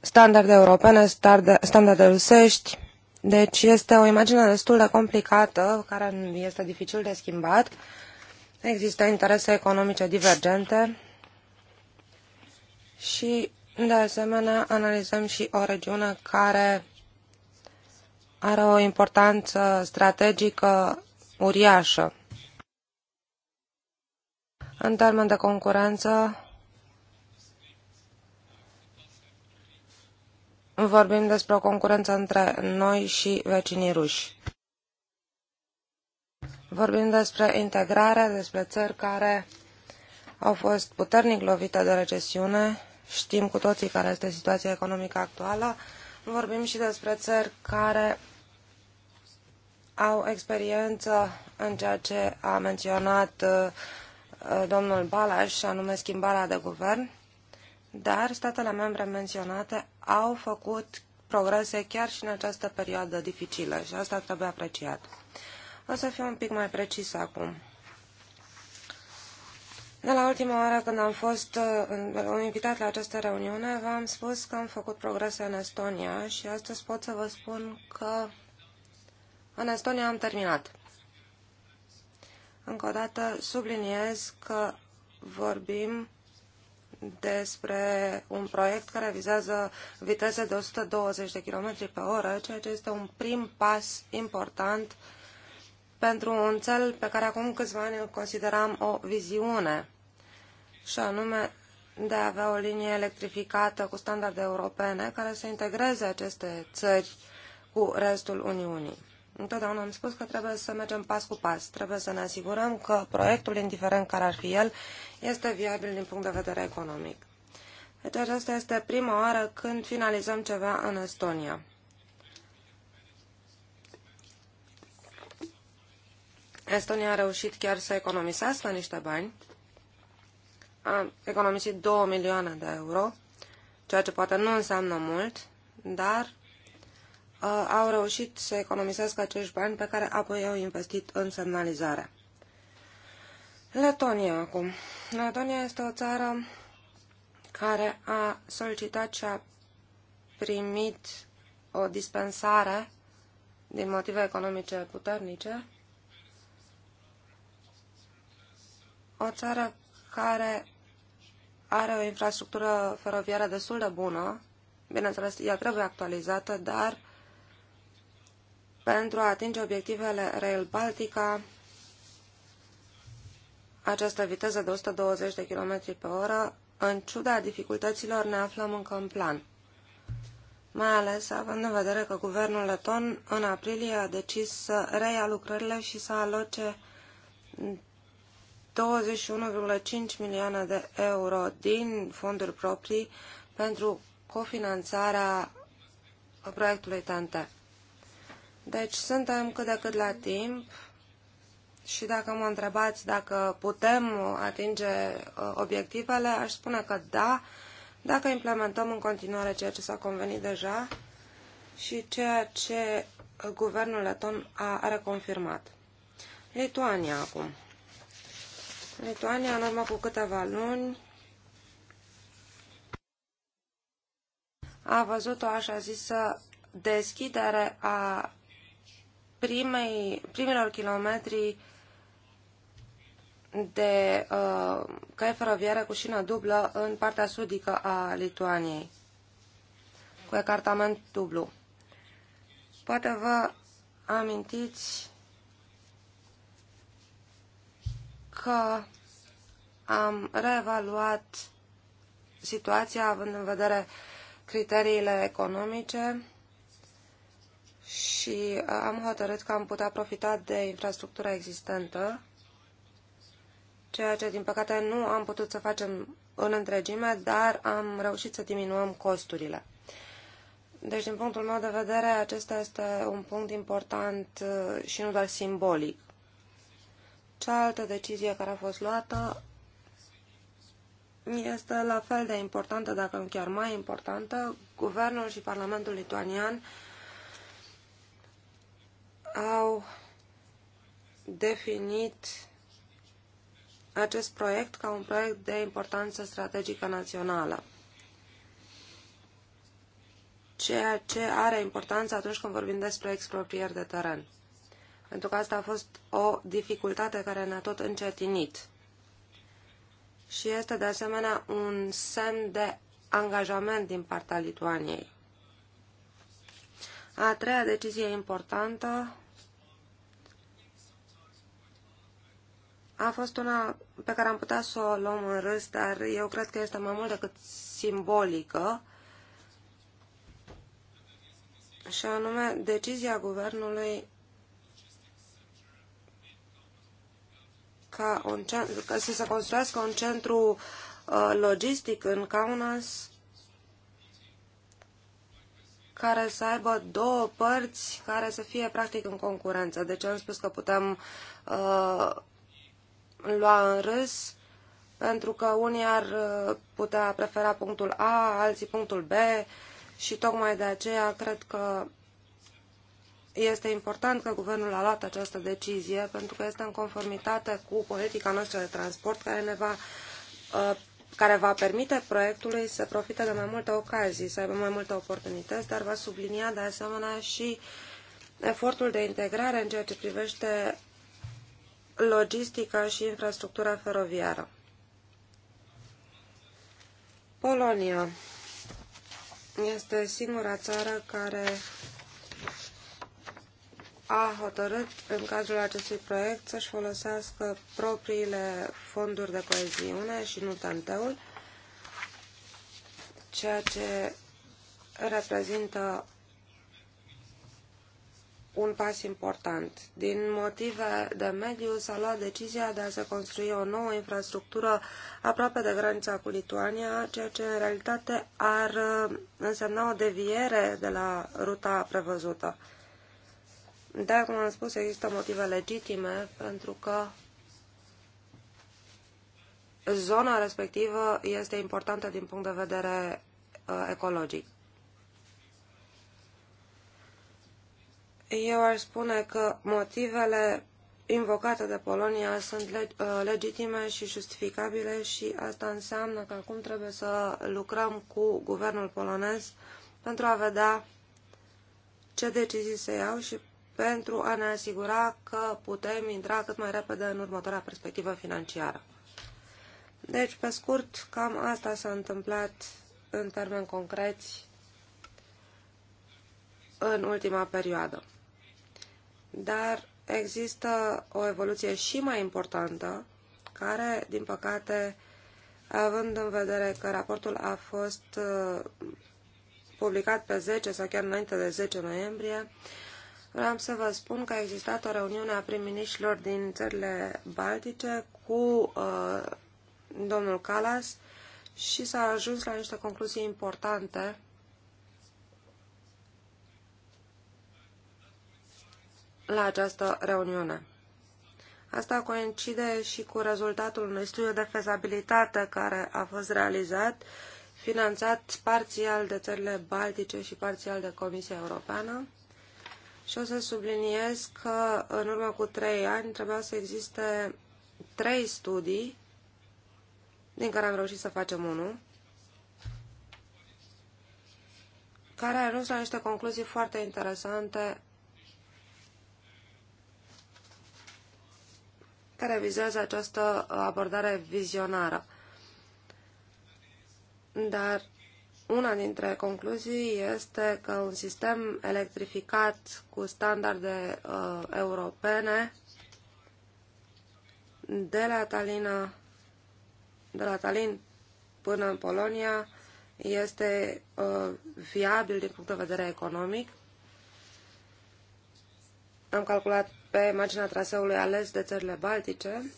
C: standarde europene, standarde rusești. Deci este o imagine destul de complicată, care este dificil de schimbat. Există interese economice divergente și, de asemenea, analizăm și o regiune care are o importanță strategică uriașă. În termen de concurență, vorbim despre o concurență între noi și vecinii ruși. Vorbim despre integrare, despre țări care au fost puternic lovite de recesiune. Știm cu toții care este situația economică actuală. Vorbim și despre țări care au experiență în ceea ce a menționat uh, Uh, domnul Balas, și anume schimbarea de guvern, dar statele membre menționate au făcut progrese chiar și în această perioadă dificilă și asta trebuie apreciat. O să fiu un pic mai precis acum. De la ultima oară când am fost uh, invitat la această reuniune, v-am spus că am făcut progrese în Estonia și astăzi pot să vă spun că în Estonia am terminat. Încă o dată subliniez că vorbim despre un proiect care vizează viteze de 120 de km pe oră, ceea ce este un prim pas important pentru un cel pe care acum câțiva ani îl consideram o viziune, și anume de a avea o linie electrificată cu standarde europene care să integreze aceste țări cu restul Uniunii. Întotdeauna am spus că trebuie să mergem pas cu pas. Trebuie să ne asigurăm că proiectul, indiferent care ar fi el, este viabil din punct de vedere economic. Deci aceasta este prima oară când finalizăm ceva în Estonia. Estonia a reușit chiar să economisească niște bani. A economisit 2 milioane de euro, ceea ce poate nu înseamnă mult, dar Uh, au reușit să economisească acești bani pe care apoi au investit în semnalizare. Letonia acum. Letonia este o țară care a solicitat și a primit o dispensare din motive economice puternice. O țară care are o infrastructură feroviară destul de bună, bineînțeles, ea trebuie actualizată, dar uh, pentru a atinge obiectivele Rail Baltica, această viteză de 120 de km pe oră, în ciuda dificultăților, ne aflăm încă în plan. Mai ales având în vedere că guvernul leton în aprilie a decis să reia lucrările și să aloce 21,5 milioane de euro din fonduri proprii pentru cofinanțarea proiectului TNT. Deci suntem cât de cât la timp și dacă mă întrebați dacă putem atinge uh, obiectivele, aș spune că da, dacă implementăm în continuare ceea ce s-a convenit deja și ceea ce guvernul leton a reconfirmat. Lituania acum. Lituania, în urmă cu câteva luni, a văzut o așa zisă deschidere a primei, primilor kilometri de uh, cai feroviară cu șină dublă în partea sudică a Lituaniei, cu ecartament dublu. Poate vă amintiți că am reevaluat situația având în vedere criteriile economice și uh, am hotărât că am putea profita de infrastructura existentă, ceea ce, din păcate, nu am putut să facem în întregime, dar am reușit să diminuăm costurile. Deci, din punctul meu de vedere, acesta este un punct important uh, și nu doar simbolic. Cealaltă decizie care a fost luată este la fel de importantă, dacă nu chiar mai importantă. Guvernul și Parlamentul lituanian au definit acest proiect ca un proiect de importanță strategică națională ceea ce are importanță atunci când vorbim despre expropriere de teren. Pentru că asta a fost o dificultate care ne-a tot încetinit. Și este de asemenea un semn de angajament din partea Lituaniei. A treia decizie importantă a fost una pe care am putea să o luăm în râs, dar eu cred că este mai mult decât simbolică, și anume decizia guvernului ca, un, ca să se construiască un centru uh, logistic în Kaunas care să aibă două părți care să fie practic în concurență. Deci am spus că putem uh, lua în râs, pentru că unii ar uh, putea prefera punctul A, alții punctul B și tocmai de aceea cred că este important că guvernul a luat această decizie pentru că este în conformitate cu politica noastră de transport care ne va uh, care va permite proiectului să profite de mai multe ocazii, să aibă mai multe oportunități, dar va sublinia de asemenea și efortul de integrare în ceea ce privește logistica și infrastructura feroviară. Polonia este singura țară care a hotărât în cazul acestui proiect să-și folosească propriile fonduri de coeziune și nu tanteul, ceea ce reprezintă un pas important. Din motive de mediu s-a luat decizia de a se construi o nouă infrastructură aproape de granița cu Lituania, ceea ce în realitate ar uh, însemna o deviere de la ruta prevăzută. Dar, cum am spus, există motive legitime pentru că zona respectivă este importantă din punct de vedere uh, ecologic. Eu aș spune că motivele invocate de Polonia sunt uh, legitime și justificabile și asta înseamnă că acum trebuie să lucrăm cu guvernul polonez pentru a vedea ce decizii se iau și pentru a ne asigura că putem intra cât mai repede în următoarea perspectivă financiară. Deci, pe scurt, cam asta s-a întâmplat în termeni concreți în ultima perioadă. Dar există o evoluție și mai importantă, care, din păcate, având în vedere că raportul a fost uh, publicat pe 10 sau chiar înainte de 10 noiembrie, vreau să vă spun că a existat o reuniune a prim-ministrilor din țările Baltice cu uh, domnul Calas și s-a ajuns la niște concluzii importante la această reuniune. Asta coincide și cu rezultatul unui studiu de fezabilitate care a fost realizat, finanțat parțial de țările Baltice și parțial de Comisia Europeană. Și o să subliniez că în urmă cu trei ani trebuia să existe trei studii, din care am reușit să facem unul, care a ajuns la niște concluzii foarte interesante care vizează această abordare vizionară. Dar una dintre concluzii este că un sistem electrificat cu standarde uh, europene de la Talina, de la Talin până în Polonia este uh, viabil din punct de vedere economic. Am calculat pe marginea traseului ales de țările Baltice.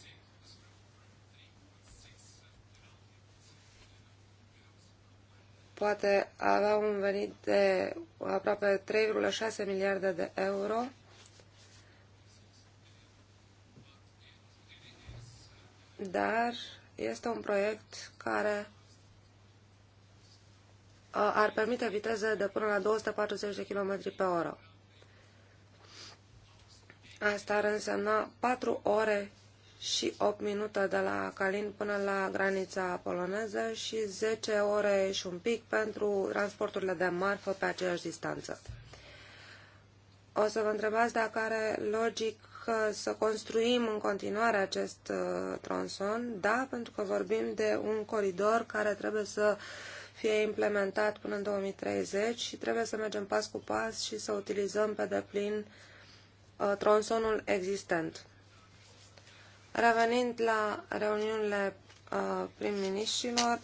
C: Poate avea un venit de aproape 3,6 miliarde de euro. Dar este un proiect care ar permite viteze de până la 240 de km pe oră. Asta ar însemna 4 ore și 8 minute de la Calin până la granița poloneză și 10 ore și un pic pentru transporturile de marfă pe aceeași distanță. O să vă întrebați dacă are logic să construim în continuare acest uh, tronson. Da, pentru că vorbim de un coridor care trebuie să fie implementat până în 2030 și trebuie să mergem pas cu pas și să utilizăm pe deplin uh, Uh, tronsonul existent. Revenind la reuniunile uh, prim-ministrilor,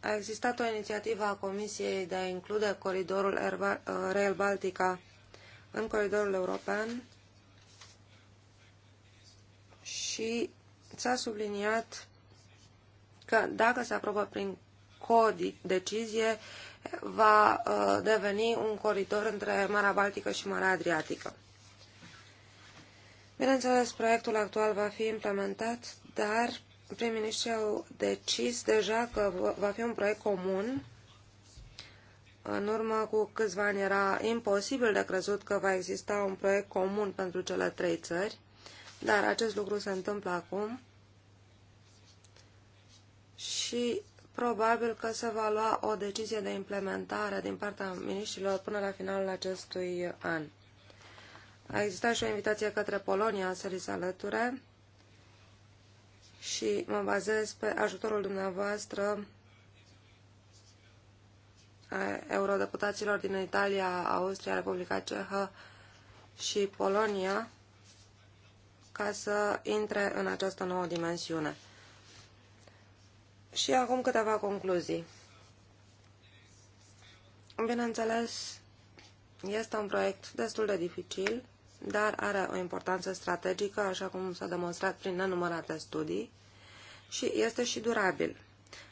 C: a existat o inițiativă a Comisiei de a include coridorul uh, Rail Baltica în coridorul european și s-a subliniat că dacă se aprobă prin codi decizie va uh, deveni un coridor între Marea Baltică și Marea Adriatică. Bineînțeles, proiectul actual va fi implementat, dar prim-ministrii au decis deja că va fi un proiect comun. În urmă cu câțiva ani era imposibil de crezut că va exista un proiect comun pentru cele trei țări, dar acest lucru se întâmplă acum și Probabil că se va lua o decizie de implementare din partea miniștrilor până la finalul acestui an. A existat și o invitație către Polonia să li se alăture și mă bazez pe ajutorul dumneavoastră a eurodeputaților din Italia, Austria, Republica Cehă și Polonia ca să intre în această nouă dimensiune. Și acum câteva concluzii. Bineînțeles, este un proiect destul de dificil, dar are o importanță strategică, așa cum s-a demonstrat prin nenumărate studii, și este și durabil.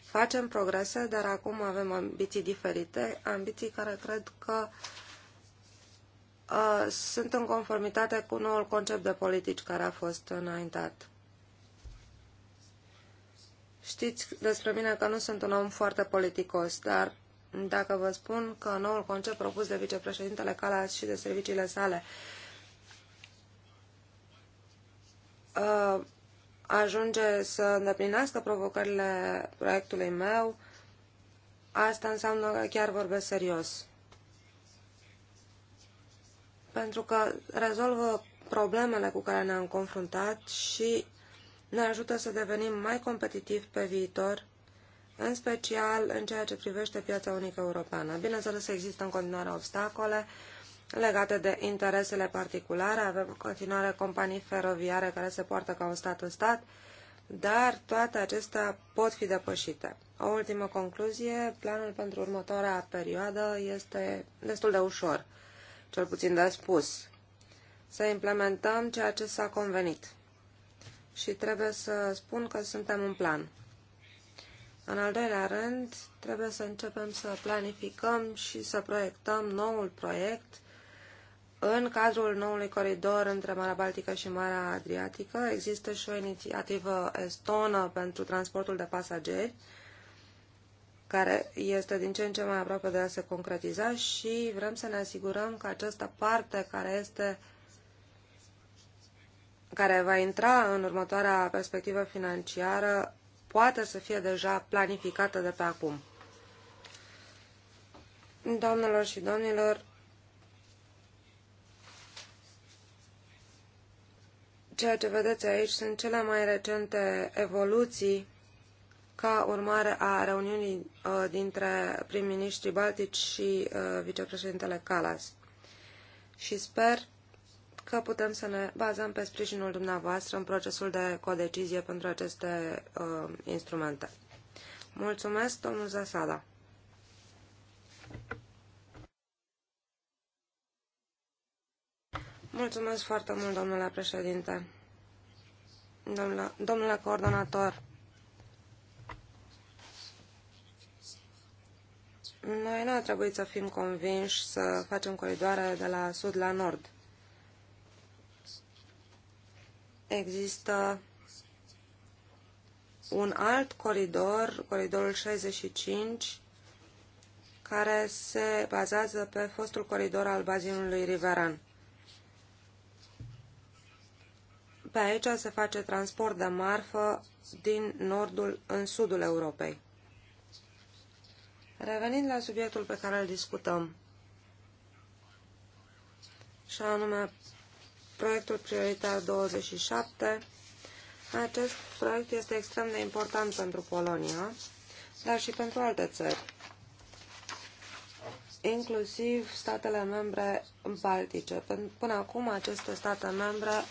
C: Facem progrese, dar acum avem ambiții diferite, ambiții care cred că uh, sunt în conformitate cu noul concept de politici care a fost înaintat. Știți despre mine că nu sunt un om foarte politicos, dar dacă vă spun că noul concept propus de vicepreședintele Calas și de serviciile sale uh, ajunge să îndeplinească provocările proiectului meu, asta înseamnă că chiar vorbesc serios. Pentru că rezolvă problemele cu care ne-am confruntat și ne ajută să devenim mai competitivi pe viitor, în special în ceea ce privește piața unică europeană. Bineînțeles, există în continuare obstacole legate de interesele particulare. Avem în continuare companii feroviare care se poartă ca un stat în stat, dar toate acestea pot fi depășite. O ultimă concluzie, planul pentru următoarea perioadă este destul de ușor, cel puțin de spus. Să implementăm ceea ce s-a convenit și trebuie să spun că suntem în plan. În al doilea rând, trebuie să începem să planificăm și să proiectăm noul proiect în cadrul noului coridor între Marea Baltică și Marea Adriatică. Există și o inițiativă estonă pentru transportul de pasageri, care este din ce în ce mai aproape de a se concretiza și vrem să ne asigurăm că această parte care este uh, care va intra în următoarea perspectivă financiară poate să fie deja planificată de pe acum. Doamnelor și domnilor, ceea ce vedeți aici sunt cele mai recente evoluții ca urmare a reuniunii uh, dintre prim-ministrii Baltici și uh, vicepreședintele Calas. Și sper că putem să ne bazăm pe sprijinul dumneavoastră în procesul de codecizie pentru aceste uh, instrumente. Mulțumesc, domnul Zasada. Mulțumesc foarte mult, domnule președinte. Domnule, domnule coordonator, noi nu a trebuit să fim convinși să facem coridoare de la sud la nord. există un alt coridor, coridorul 65, care se bazează pe fostul coridor al bazinului riveran. Pe aici se face transport de marfă din nordul în sudul Europei. Revenind la subiectul pe care îl discutăm, și anume proiectul prioritar 27. Acest proiect este extrem de important pentru Polonia, dar și pentru alte țări, inclusiv statele membre baltice. Până acum, aceste state membre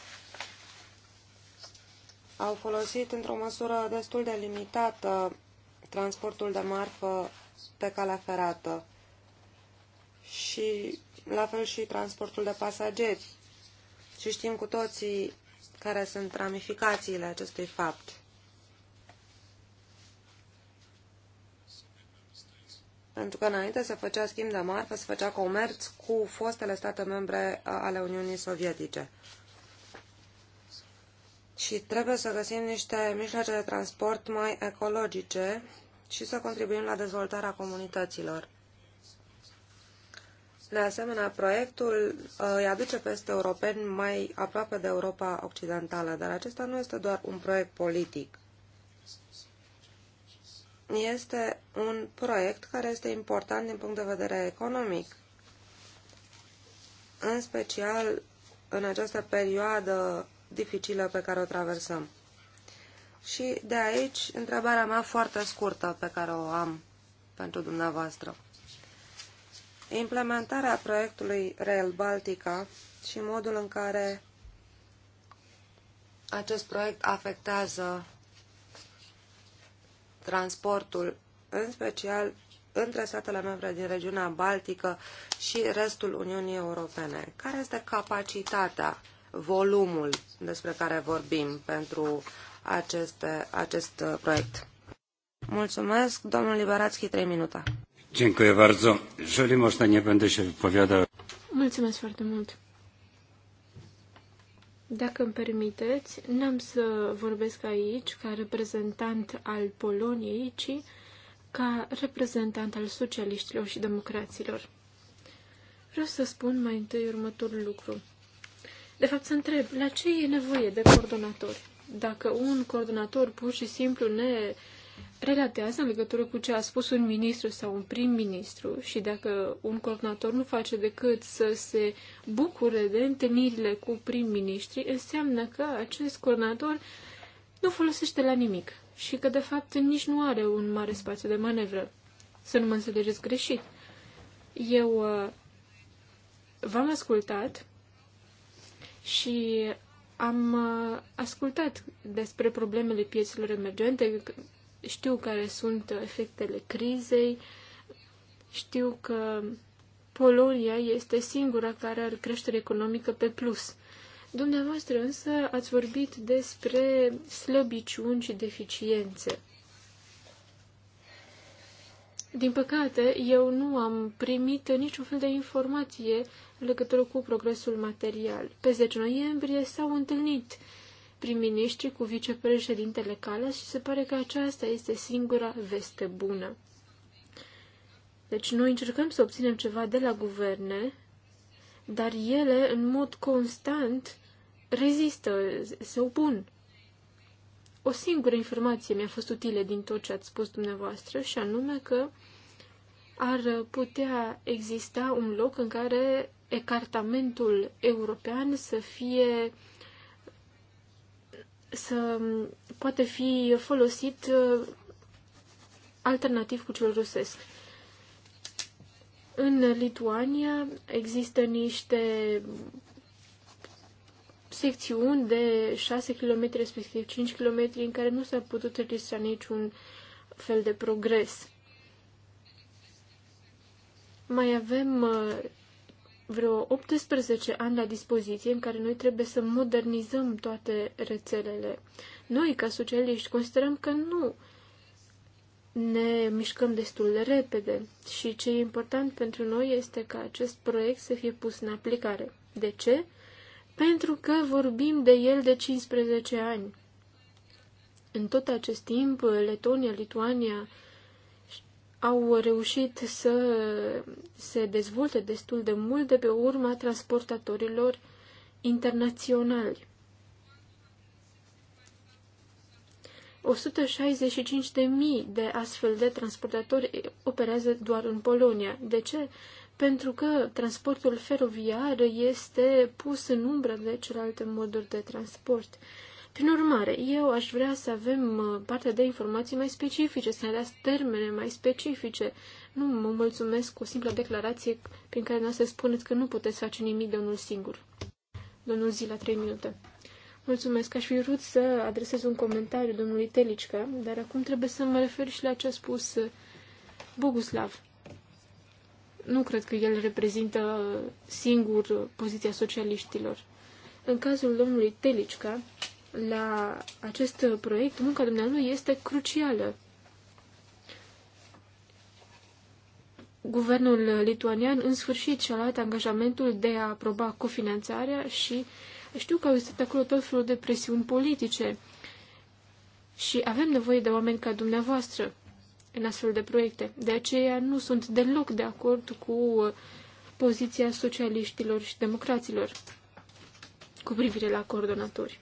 C: au folosit într-o măsură destul de limitată transportul de marfă pe calea ferată și la fel și transportul de pasageri și știm cu toții care sunt ramificațiile acestui fapt. Pentru că înainte se făcea schimb de marfă, se făcea comerț cu fostele state membre ale Uniunii Sovietice. Și trebuie să găsim niște mijloace de transport mai ecologice și să contribuim la dezvoltarea comunităților. De asemenea, proiectul uh, îi aduce peste europeni mai aproape de Europa Occidentală, dar acesta nu este doar un proiect politic. Este un proiect care este important din punct de vedere economic, în special în această perioadă dificilă pe care o traversăm. Și de aici, întrebarea mea foarte scurtă pe care o am pentru dumneavoastră. Implementarea proiectului Rail Baltica și modul în care acest proiect afectează transportul, în special între statele membre din regiunea Baltică și restul Uniunii Europene. Care este capacitatea, volumul despre care vorbim pentru aceste, acest uh, proiect? Mulțumesc, domnul Liberațchi, 3 minute.
B: Dziękuję bardzo. Jeżeli można, nie będę się wypowiadał.
A: Mulțumesc foarte mult. Dacă îmi permiteți, n-am să vorbesc aici ca reprezentant al Poloniei, ci ca reprezentant al socialiștilor și democraților. Vreau să spun mai întâi următorul lucru. De fapt, să întreb, la ce e nevoie de coordonatori? Dacă un coordonator pur și simplu ne uh, relatează în legătură cu ce a spus un ministru sau un prim-ministru și dacă un coordonator nu face decât să se bucure de întâlnirile cu prim-ministri, înseamnă că acest coordonator nu folosește la nimic și că, de fapt, nici nu are un mare spațiu de manevră. Să nu mă înțelegeți greșit. Eu uh, v-am ascultat și am uh, ascultat despre problemele piețelor emergente, știu care sunt efectele crizei, știu că Polonia este singura care are creștere economică pe plus. Dumneavoastră însă ați vorbit despre slăbiciuni și deficiențe. Din păcate, eu nu am primit niciun fel de informație în legătură cu progresul material. Pe 10 noiembrie s-au întâlnit uh, prim-ministri cu vicepreședintele Calas și se pare că aceasta este singura veste bună. Deci noi încercăm să obținem ceva de la guverne, dar ele, în mod constant, rezistă, se opun. O singură informație mi-a fost utilă din tot ce ați spus dumneavoastră, și anume că ar putea exista un loc în care ecartamentul european să fie să poată fi folosit uh, alternativ cu cel rusesc. În Lituania există niște secțiuni de 6 km, respectiv 5 km, în care nu s-a putut registra niciun fel de progres. Mai avem uh, vreo 18 ani la dispoziție în care noi trebuie să modernizăm toate rețelele. Noi, ca socialiști, considerăm că nu ne mișcăm destul de repede și ce e important pentru noi este ca acest proiect să fie pus în aplicare. De ce? Pentru că vorbim de el de 15 ani. În tot acest timp, Letonia, Lituania, au reușit să se dezvolte destul de mult de pe urma transportatorilor internaționali. 165.000 de astfel de transportatori operează doar în Polonia. De ce? Pentru că transportul feroviar este pus în umbră de celelalte moduri de transport. Prin urmare, eu aș vrea să avem uh, parte de informații mai specifice, să ne dați termene mai specifice. Nu mă mulțumesc cu o simplă declarație prin care nu se spuneți că nu puteți face nimic de unul singur. Domnul Zila, trei minute. Mulțumesc. Aș fi vrut să adresez un comentariu domnului Telicca, dar acum trebuie să mă refer și la ce a spus uh, Boguslav. Nu cred că el reprezintă singur poziția socialiștilor. În cazul domnului Telicca, la acest proiect, munca dumnealui este crucială. Guvernul lituanian în sfârșit și-a luat angajamentul de a aproba cofinanțarea și știu că au existat acolo tot felul de presiuni politice și avem nevoie de oameni ca dumneavoastră în astfel de proiecte. De aceea nu sunt deloc de acord cu uh, poziția socialiștilor și democraților cu privire la coordonatori.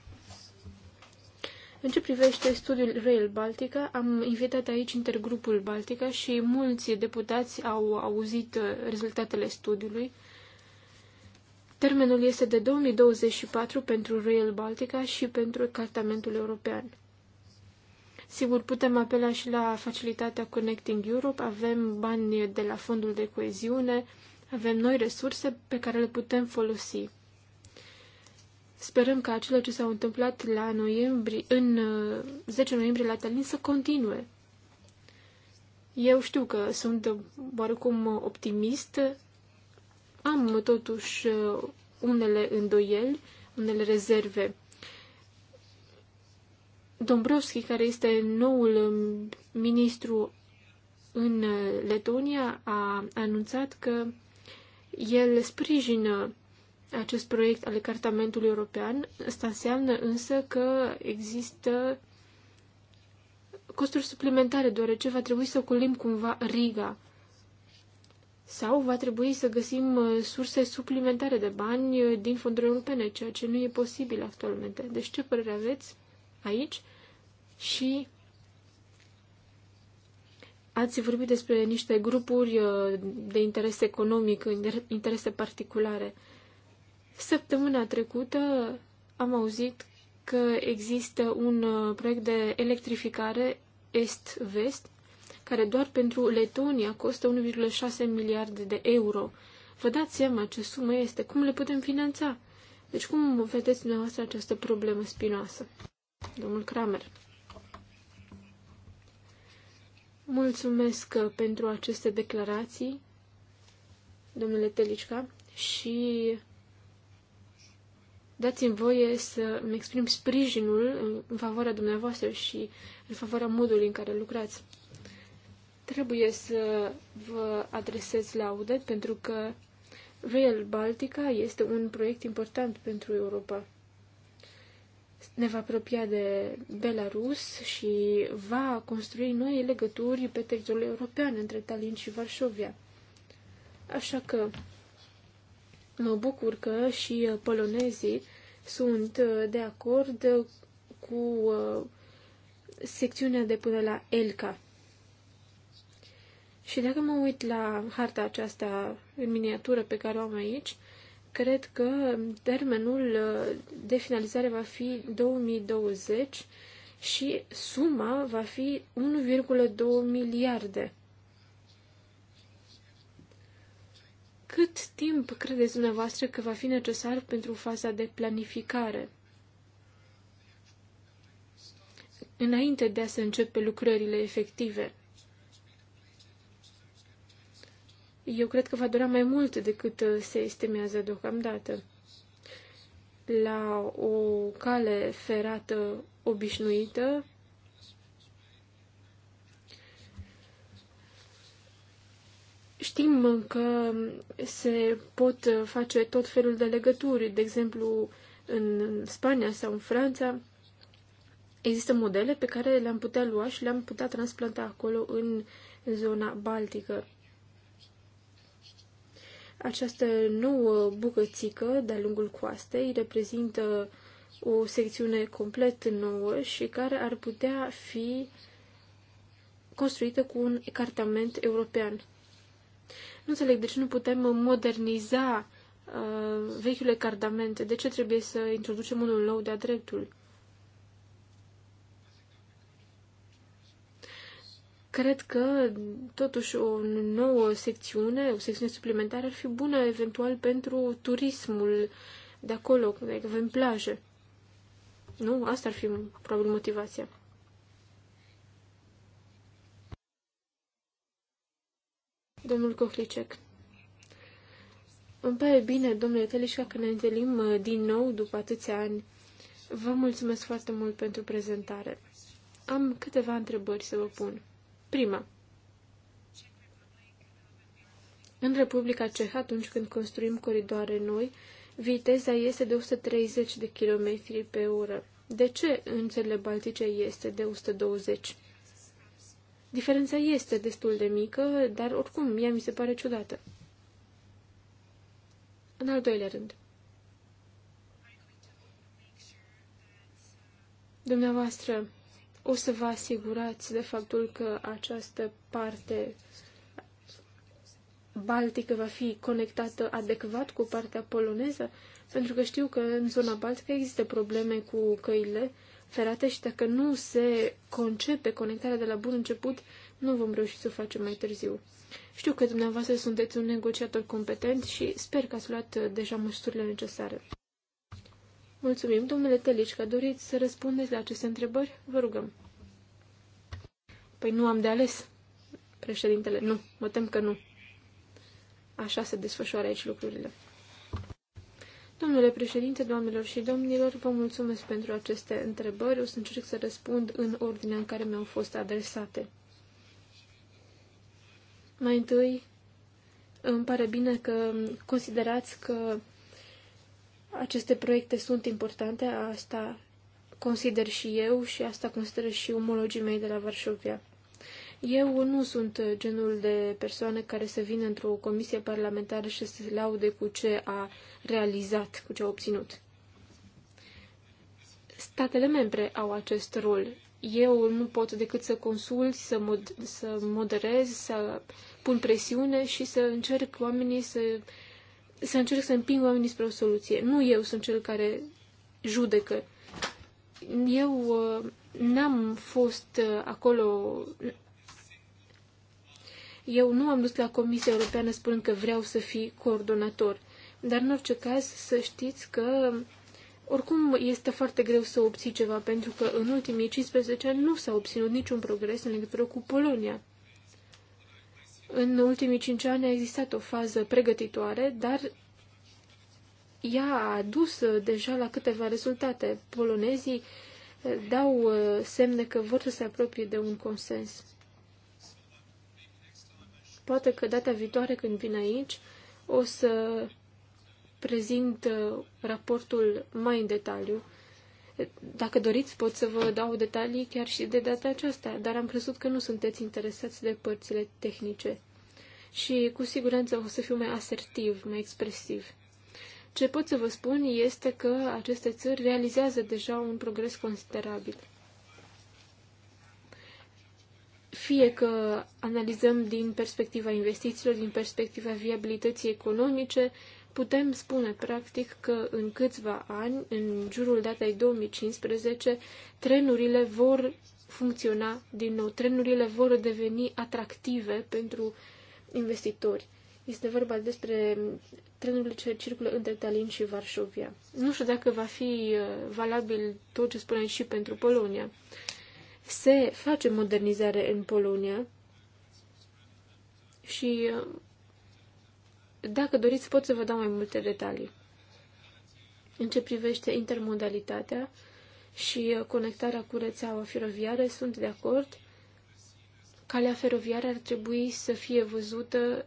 A: În ce privește studiul Rail Baltica, am invitat aici intergrupul Baltica și mulți deputați au auzit uh, rezultatele studiului. Termenul este de 2024 pentru Rail Baltica și pentru cartamentul european. Sigur, putem apela și la facilitatea Connecting Europe, avem bani de la fondul de coeziune, avem noi resurse pe care le putem folosi. Sperăm că acele ce s-au întâmplat la noiembrie, în 10 uh, noiembrie la Tallinn să continue. Eu știu că sunt uh, oarecum uh, optimist. Am totuși unele îndoieli, unele rezerve. Dombrovski, care este noul um, ministru în Letonia, a anunțat că el sprijină acest proiect al cartamentului european. Asta înseamnă însă că există costuri suplimentare, deoarece va trebui să ocolim cumva Riga. Sau va trebui să găsim uh, surse suplimentare de bani uh, din fonduri europene, ceea ce nu e posibil actualmente. Deci ce părere aveți aici? Și ați vorbit despre niște grupuri uh, de interes economic, interese particulare. Săptămâna trecută am auzit că există un uh, proiect de electrificare est-vest, care doar pentru Letonia costă 1,6 miliarde de euro. Vă dați seama ce sumă este, cum le putem finanța? Deci cum vedeți dumneavoastră această problemă spinoasă? Domnul Kramer. Mulțumesc uh, pentru aceste declarații, domnule Telicca, și dați-mi voie să-mi exprim sprijinul în favoarea dumneavoastră și în favoarea modului în care lucrați. Trebuie să vă adresez laude pentru că Rail Baltica este un proiect important pentru Europa. Ne va apropia de Belarus și va construi noi legături pe teritoriul european între Tallinn și Varșovia. Așa că Mă bucur că și uh, polonezii sunt uh, de acord cu uh, secțiunea de până la Elca. Și dacă mă uit la harta aceasta în miniatură pe care o am aici, cred că termenul de finalizare va fi 2020 și suma va fi 1,2 miliarde. Cât timp credeți dumneavoastră că va fi necesar pentru faza de planificare? Înainte de a se începe lucrările efective. Eu cred că va dura mai mult decât uh, se estimează deocamdată. La o cale ferată obișnuită, Știm că se pot face tot felul de legături, de exemplu în Spania sau în Franța. Există modele pe care le-am putea lua și le-am putea transplanta acolo în zona baltică. Această nouă bucățică de-a lungul coastei reprezintă o secțiune complet nouă și care ar putea fi construită cu un ecartament european. Nu înțeleg de deci ce nu putem moderniza uh, vechiule cardamente. De ce trebuie să introducem unul nou de-a dreptul? Cred că, totuși, o nouă secțiune, o secțiune suplimentară, ar fi bună, eventual, pentru turismul de acolo, când avem plaje. Nu? Asta ar fi, probabil, motivația. Domnul Kohlicek. Îmi pare bine, domnule Telișca, că ne întâlnim uh, din nou după atâția ani. Vă mulțumesc foarte mult pentru prezentare. Am câteva întrebări să vă pun. Prima. În Republica Cehă, atunci când construim coridoare noi, viteza este de 130 de km pe oră. De ce în țările Baltice este de 120? Diferența este destul de mică, dar oricum ea mi se pare ciudată. În al doilea rând. Dumneavoastră, o să vă asigurați de faptul că această parte baltică va fi conectată adecvat cu partea poloneză? Pentru că știu că în zona baltică există probleme cu căile ferate și dacă nu se concepe conectarea de la bun început, nu vom reuși să o facem mai târziu. Știu că dumneavoastră sunteți un negociator competent și sper că ați luat deja măsurile necesare. Mulțumim, domnule Telici, că doriți să răspundeți la aceste întrebări? Vă rugăm. Păi nu am de ales, președintele. Nu, mă tem că nu. Așa se desfășoară aici lucrurile. Domnule președinte, doamnelor și domnilor, vă mulțumesc pentru aceste întrebări. O să încerc să răspund în ordinea în care mi-au fost adresate. Mai întâi, îmi pare bine că considerați că aceste proiecte sunt importante, asta consider și eu și asta consideră și omologii mei de la Varșovia. Eu nu sunt genul de persoană care să vină într-o comisie parlamentară și să se laude cu ce a realizat, cu ce a obținut. Statele membre au acest rol. Eu nu pot decât să consult, să, mod- să moderez, să pun presiune și să încerc oamenii să, să încerc să împing oamenii spre o soluție. Nu eu sunt cel care judecă. Eu uh, n-am fost uh, acolo, eu nu am dus la Comisia Europeană spunând că vreau să fii coordonator, dar în orice caz să știți că oricum este foarte greu să obții ceva, pentru că în ultimii 15 ani nu s-a obținut niciun progres în legătură cu Polonia. În ultimii 5 ani a existat o fază pregătitoare, dar ea a adus deja la câteva rezultate. Polonezii eh, dau eh, semne că vor să se apropie de un consens. Poate că data viitoare când vin aici o să prezint uh, raportul mai în detaliu. Dacă doriți, pot să vă dau detalii chiar și de data aceasta, dar am crezut că nu sunteți interesați de părțile tehnice. Și cu siguranță o să fiu mai asertiv, mai expresiv. Ce pot să vă spun este că aceste țări realizează deja un progres considerabil fie că analizăm din perspectiva investițiilor, din perspectiva viabilității economice, putem spune practic că în câțiva ani, în jurul datei 2015, trenurile vor funcționa din nou, trenurile vor deveni atractive pentru investitori. Este vorba despre trenurile ce circulă între Tallinn și Varșovia. Nu știu dacă va fi uh, valabil tot ce spuneți și pentru Polonia se face modernizare în Polonia și uh, dacă doriți pot să vă dau mai multe detalii. În ce privește intermodalitatea și uh, conectarea cu rețeaua feroviară, sunt de acord. Calea feroviară ar trebui să fie văzută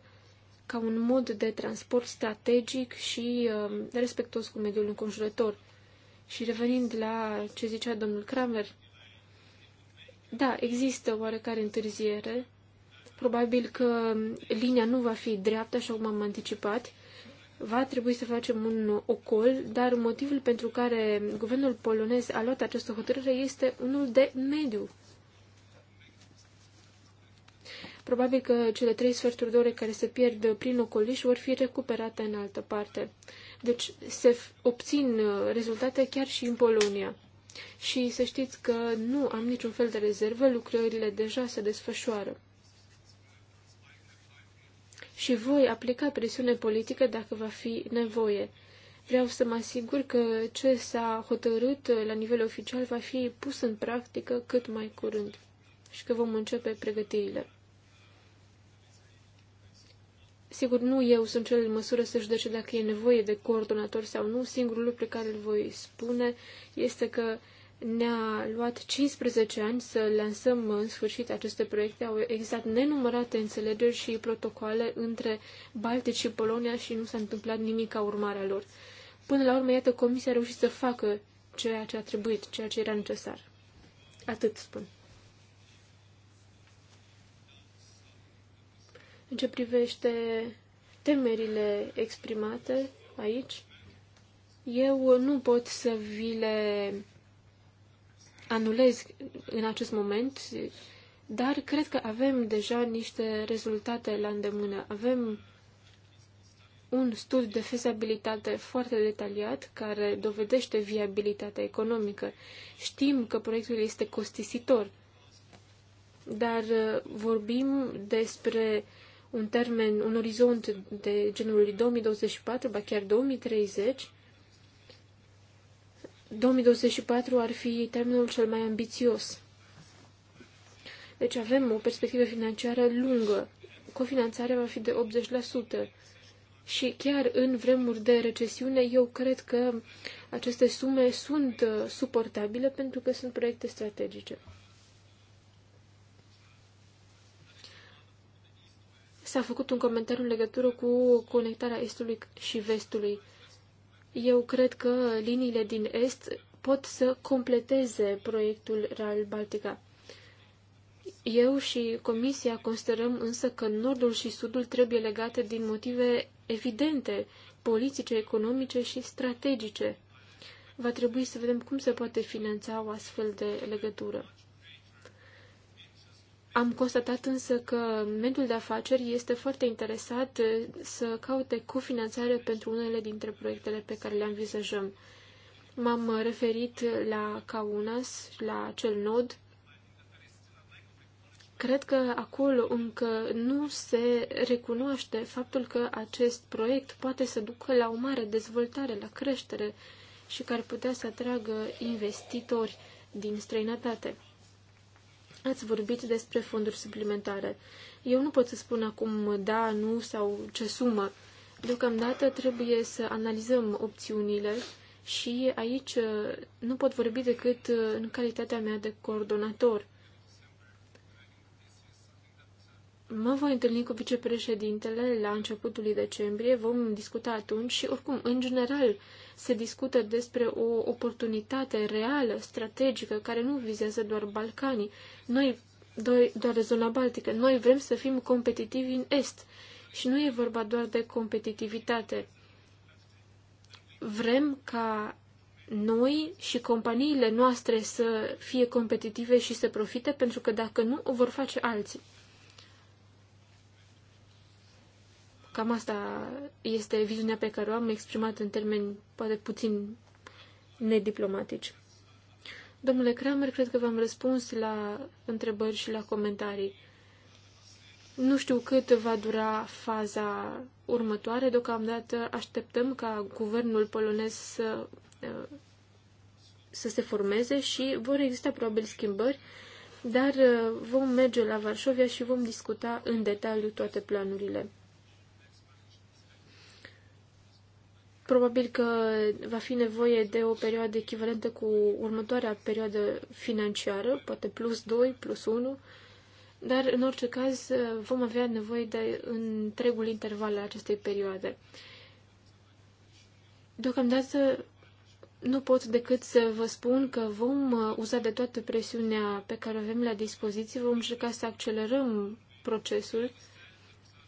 A: ca un mod de transport strategic și uh, respectuos cu mediul înconjurător. Și revenind la ce zicea domnul Kramer, da, există oarecare întârziere. Probabil că linia nu va fi dreaptă, așa cum am anticipat. Va trebui să facem un ocol, dar motivul pentru care guvernul polonez a luat această hotărâre este unul de mediu. Probabil că cele trei sferturi de ore care se pierd prin ocoliș vor fi recuperate în altă parte. Deci se obțin rezultate chiar și în Polonia și să știți că nu am niciun fel de rezervă, lucrările deja se desfășoară. Și voi aplica presiune politică dacă va fi nevoie. Vreau să mă asigur că ce s-a hotărât la nivel oficial va fi pus în practică cât mai curând și că vom începe pregătirile. Sigur, nu eu sunt cel în măsură să judece dacă e nevoie de coordonator sau nu. Singurul lucru pe care îl voi spune este că ne-a luat 15 ani să lansăm în sfârșit aceste proiecte. Au existat nenumărate înțelegeri și protocoale între Baltic și Polonia și nu s-a întâmplat nimic ca urmare a lor. Până la urmă, iată, Comisia a reușit să facă ceea ce a trebuit, ceea ce era necesar. Atât spun. În ce privește temerile exprimate aici, eu nu pot să vi le anulez în acest moment, dar cred că avem deja niște rezultate la îndemână. Avem un studiu de fezabilitate foarte detaliat care dovedește viabilitatea economică. Știm că proiectul este costisitor, dar uh, vorbim despre uh, un termen, un orizont de genul 2024, ba chiar 2030. 2024 ar fi termenul cel mai ambițios. Deci avem o perspectivă financiară lungă. Cofinanțarea va fi de 80%. Și chiar în vremuri de recesiune, eu cred că aceste sume sunt uh, suportabile pentru că sunt proiecte strategice. S-a făcut un comentariu în legătură cu conectarea Estului și Vestului. Eu cred că liniile din Est pot să completeze proiectul Rail Baltica. Eu și Comisia considerăm însă că Nordul și Sudul trebuie legate din motive evidente, politice, economice și strategice. Va trebui să vedem cum se poate finanța o astfel de legătură. Am constatat însă că mediul de afaceri este foarte interesat eh, să caute cofinanțare pentru unele dintre proiectele pe care le învizajăm. M-am referit la Kaunas, la acel nod. Cred că acolo încă nu se recunoaște faptul că acest proiect poate să ducă la o mare dezvoltare, la creștere și care putea să atragă investitori din străinătate. Ați vorbit despre fonduri suplimentare. Eu nu pot să spun acum da, nu sau ce sumă. Deocamdată trebuie să analizăm opțiunile și aici uh, nu pot vorbi decât uh, în calitatea mea de coordonator. Mă voi întâlni cu vicepreședintele la începutul decembrie, vom discuta atunci și oricum, în general, se discută despre o oportunitate reală, strategică, care nu vizează doar Balcanii, noi, doar, doar zona Baltică. Noi vrem să fim competitivi în Est și nu e vorba doar de competitivitate. Vrem ca noi și companiile noastre să fie competitive și să profite, pentru că dacă nu, o vor face alții. Cam asta este viziunea pe care o am exprimat în termeni poate puțin nediplomatici. Domnule Kramer, cred că v-am răspuns la întrebări și la comentarii. Nu știu cât va dura faza următoare, deocamdată așteptăm ca guvernul polonez să, eh, să se formeze și vor exista probabil schimbări, dar eh, vom merge la Varșovia și vom discuta în detaliu toate planurile. Probabil că va fi nevoie de o perioadă echivalentă cu următoarea perioadă financiară, poate plus 2, plus 1, dar în orice caz vom avea nevoie de întregul interval al acestei perioade. Deocamdată nu pot decât să vă spun că vom uza de toată presiunea pe care o avem la dispoziție, vom încerca să accelerăm procesul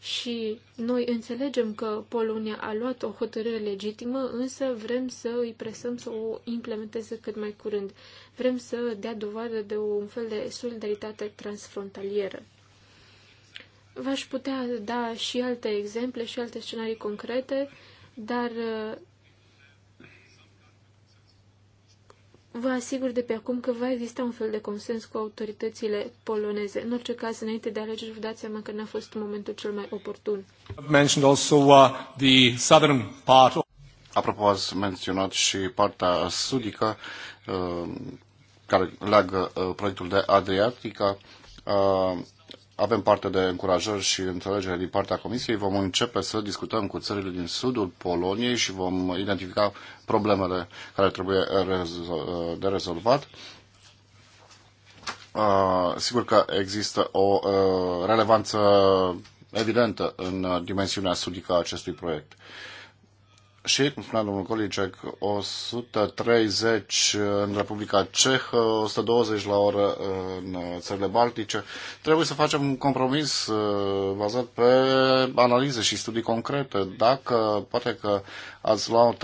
A: și noi înțelegem că Polonia a luat o hotărâre legitimă, însă vrem să îi presăm să o implementeze cât mai curând. Vrem să dea dovadă de un fel de solidaritate transfrontalieră. V-aș putea da și alte exemple și alte scenarii concrete, dar Vă asigur de pe acum că va exista un fel de consens cu autoritățile poloneze. În orice caz, înainte de alegeri, vă dați seama că n-a fost momentul cel mai oportun.
B: Uh, Apropo, ați menționat și partea sudică uh, care leagă uh, proiectul de Adriatica avem parte de încurajări și înțelegere din partea Comisiei. Vom începe să discutăm cu țările din sudul Poloniei și vom identifica problemele care trebuie de rezolvat. Uh, sigur că există o uh, relevanță evidentă în dimensiunea sudică a acestui proiect și, cum spunea domnul Colicec, 130 în Republica Cehă, 120 la oră în țările Baltice. Trebuie să facem un compromis uh, bazat pe analize și studii concrete. Dacă poate că ați lua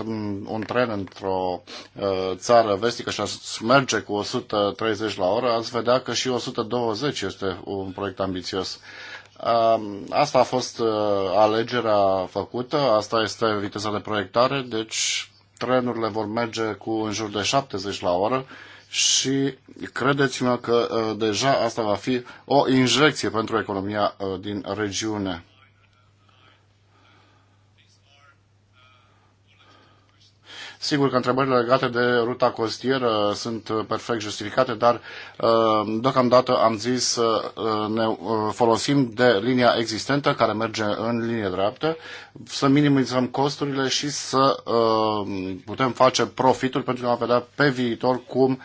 B: un tren într-o uh, țară vestică și ați merge cu 130 la oră, ați vedea că și 120 este un proiect ambițios. Asta a fost uh, alegerea făcută, asta este viteza de proiectare, deci trenurile vor merge cu în jur de 70 la oră și credeți-mă că uh, deja asta va fi o injecție pentru economia uh, din regiune. Sigur că întrebările legate de ruta costieră sunt uh, perfect justificate, dar uh, deocamdată am zis să uh, ne folosim de linia existentă care merge în linie dreaptă, să minimizăm costurile și să putem face profituri pentru a vedea pe viitor cum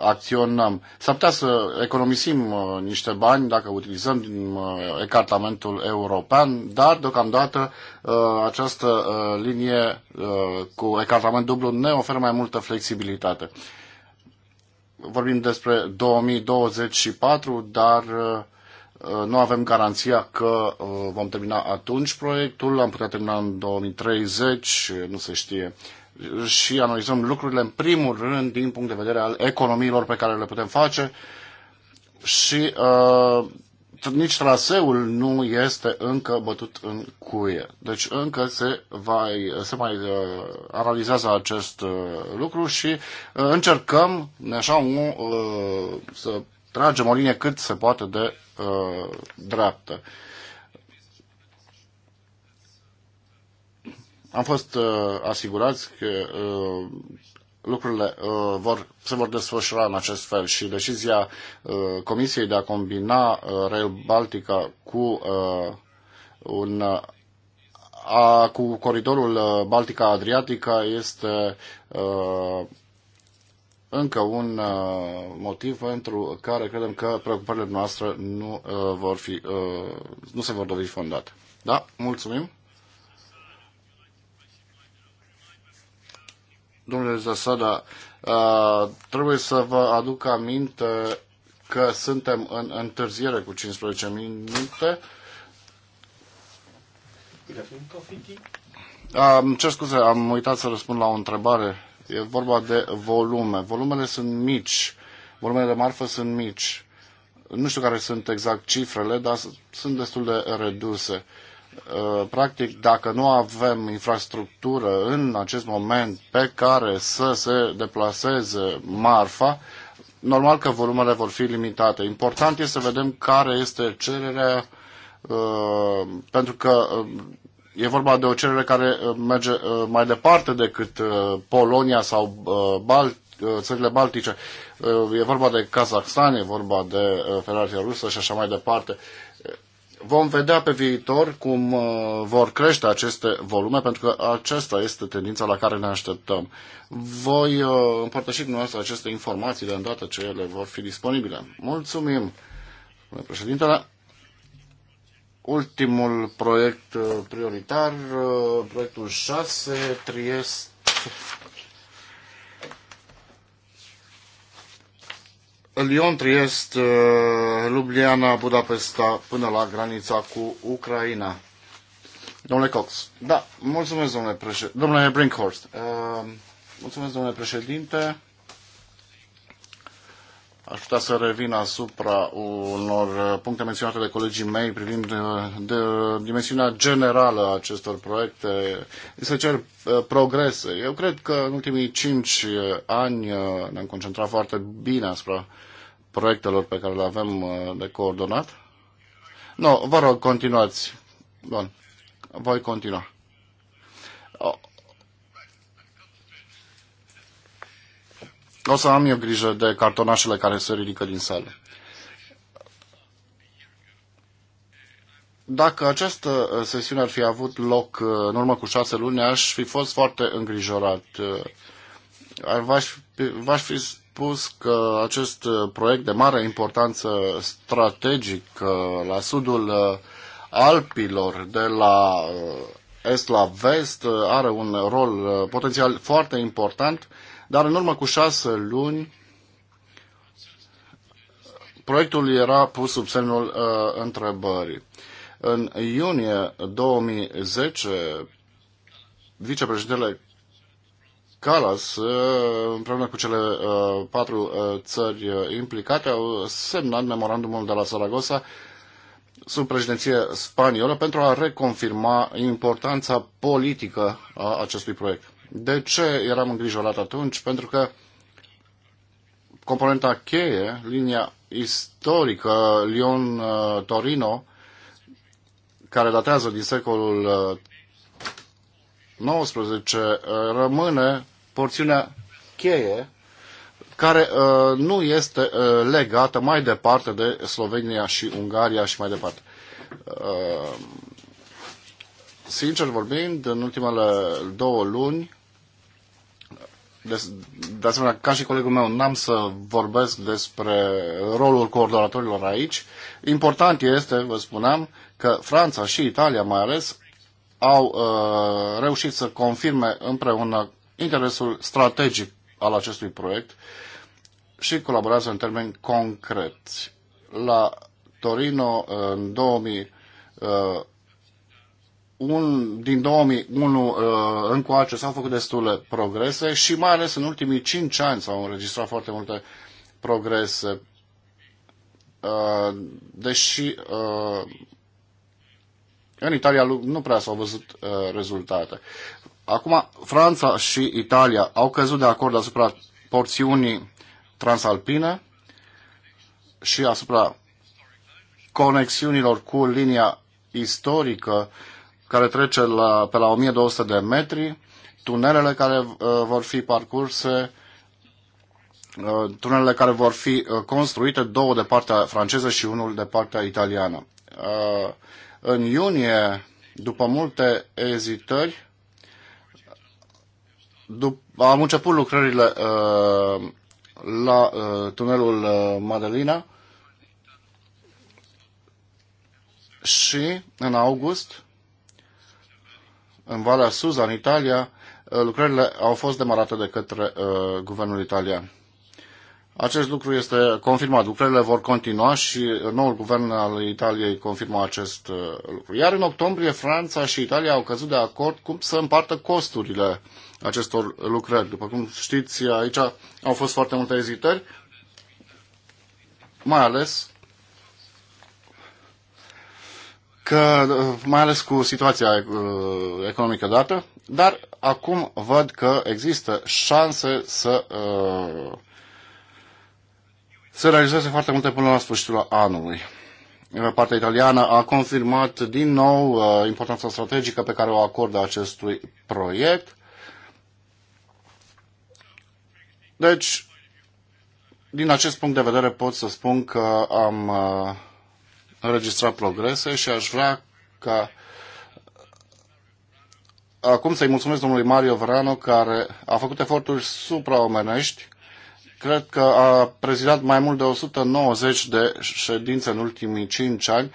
B: acționăm. S-ar putea să economisim uh, niște bani dacă utilizăm din uh, ecartamentul european, dar deocamdată uh, această linie cu ecartament dublu ne oferă mai multă flexibilitate. Vorbim despre 2024, dar nu avem garanția că vom termina atunci proiectul, am putea termina în 2030, nu se știe și analizăm lucrurile în primul rând din punct de vedere al economiilor pe care le putem face și uh, nici traseul nu este încă bătut în cuie. Deci încă se, va, se mai uh, analizează acest uh, lucru și uh, încercăm așa, un, uh, să tragem o linie cât se poate de uh, dreaptă. Uh, Am fost uh, asigurați că uh, lucrurile uh, vor, se vor desfășura în acest fel și decizia uh, Comisiei de a combina uh, Rail Baltica cu uh, un uh, a, cu coridorul uh, Baltica-Adriatica este uh, încă un uh, motiv pentru care credem că preocupările noastre nu, uh, vor fi, uh, nu se vor dovedi fondate. Da? Mulțumim! Domnule Zasada, trebuie să vă aduc aminte că suntem în întârziere cu 15 minute. Am, cer scuze, am uitat să răspund la o întrebare. E vorba de volume. Volumele sunt mici. Volumele de marfă sunt mici. Nu știu care sunt exact cifrele, dar sunt destul de reduse. Uh, Uh, practic, dacă nu avem infrastructură în acest moment pe care să se deplaseze marfa, normal că volumele vor fi limitate. Important este să vedem care este cererea, uh, pentru că uh, e vorba de o cerere care merge mai departe decât Polonia sau Balt țările baltice, e vorba de Kazakhstan, e vorba de Federația Rusă și așa mai departe Vom vedea pe viitor cum uh, vor crește aceste volume, pentru că aceasta este tendința la care ne așteptăm. Voi uh, împărtăși cu noastră aceste informații de îndată ce ele vor fi disponibile. Mulțumim, președintele. Ultimul proiect uh, prioritar, proiectul 6, Triest Lyon, Triest, uh, Ljubljana, Budapesta, până la granița cu Ucraina. Domnule Cox. Da, mulțumesc, domnule președinte. Domnule Brinkhorst. Uh, mulțumesc, domnule președinte. Aș putea să revin asupra unor uh, puncte menționate de colegii mei privind uh, de, de, dimensiunea generală a acestor proiecte. Se cer progrese. Eu cred că în ultimii cinci ani ne-am concentrat foarte bine asupra proiectelor pe care le avem uh, de coordonat? Nu, vă rog, continuați. Bun. Voi continua. O să am eu grijă de cartonașele care se ridică din sală. Dacă această uh, sesiune ar fi avut loc uh, în urmă cu șase luni, aș fi fost foarte îngrijorat. V-aș, v-aș fi spus că acest uh, proiect de mare importanță strategică uh, la sudul uh, Alpilor, de la est la vest, are un rol potențial foarte important, dar în urmă cu șase luni proiectul era pus sub semnul uh, întrebării. În iunie 2010, vicepreședintele Calas, uh, împreună cu cele uh, patru uh, țări implicate, au semnat memorandumul de la Saragossa sub președinție spaniolă pentru a reconfirma importanța politică a acestui proiect. De ce eram îngrijorat atunci? Pentru că componenta cheie, linia istorică Lyon-Torino, care datează din secolul 19 uh, rămâne porțiunea cheie care uh, nu este uh, legată mai departe de Slovenia și Ungaria și mai departe. Uh, sincer vorbind, în ultimele două luni, de, de asemenea, ca și colegul meu, n-am să vorbesc despre rolul coordonatorilor aici. Important este, vă spuneam, că Franța și Italia mai ales au uh, reușit să confirme împreună interesul strategic al acestui proiect și colaborează în termeni concreți. La Torino în 2000 uh, un, din 2001 uh, încoace s-au făcut destule progrese și mai ales în ultimii 5 ani s-au înregistrat foarte multe progrese. Uh, deși uh, în Italia nu prea s-au văzut uh, rezultate. Acum, Franța și Italia au căzut de acord asupra porțiunii transalpine și asupra conexiunilor cu linia istorică care trece la, pe la 1200 de metri, tunelele care uh, vor fi parcurse, uh, tunelele care vor fi uh, construite, două de partea franceză și unul de partea italiană. Uh, în iunie, după multe ezitări, dup- am început lucrările uh, la uh, tunelul uh, Madelina și în august, în Valea Suza, în Italia, uh, lucrările au fost demarate de către uh, guvernul italian. Acest lucru este confirmat. Lucrările vor continua și noul guvern al Italiei confirmă acest uh, lucru. Iar în octombrie, Franța și Italia au căzut de acord cum să împartă costurile acestor lucrări. După cum știți, aici au fost foarte multe ezitări, mai ales că, uh, mai ales cu situația uh, economică dată, dar acum văd că există șanse să uh, se realizează foarte multe până la sfârșitul anului. Partea italiană a confirmat din nou uh, importanța strategică pe care o acordă acestui proiect. Deci, din acest punct de vedere pot să spun că am uh, înregistrat progrese și aș vrea ca acum să-i mulțumesc domnului Mario Verano care a făcut eforturi supraomenești Cred că a prezidat mai mult de 190 de ședințe în ultimii 5 ani,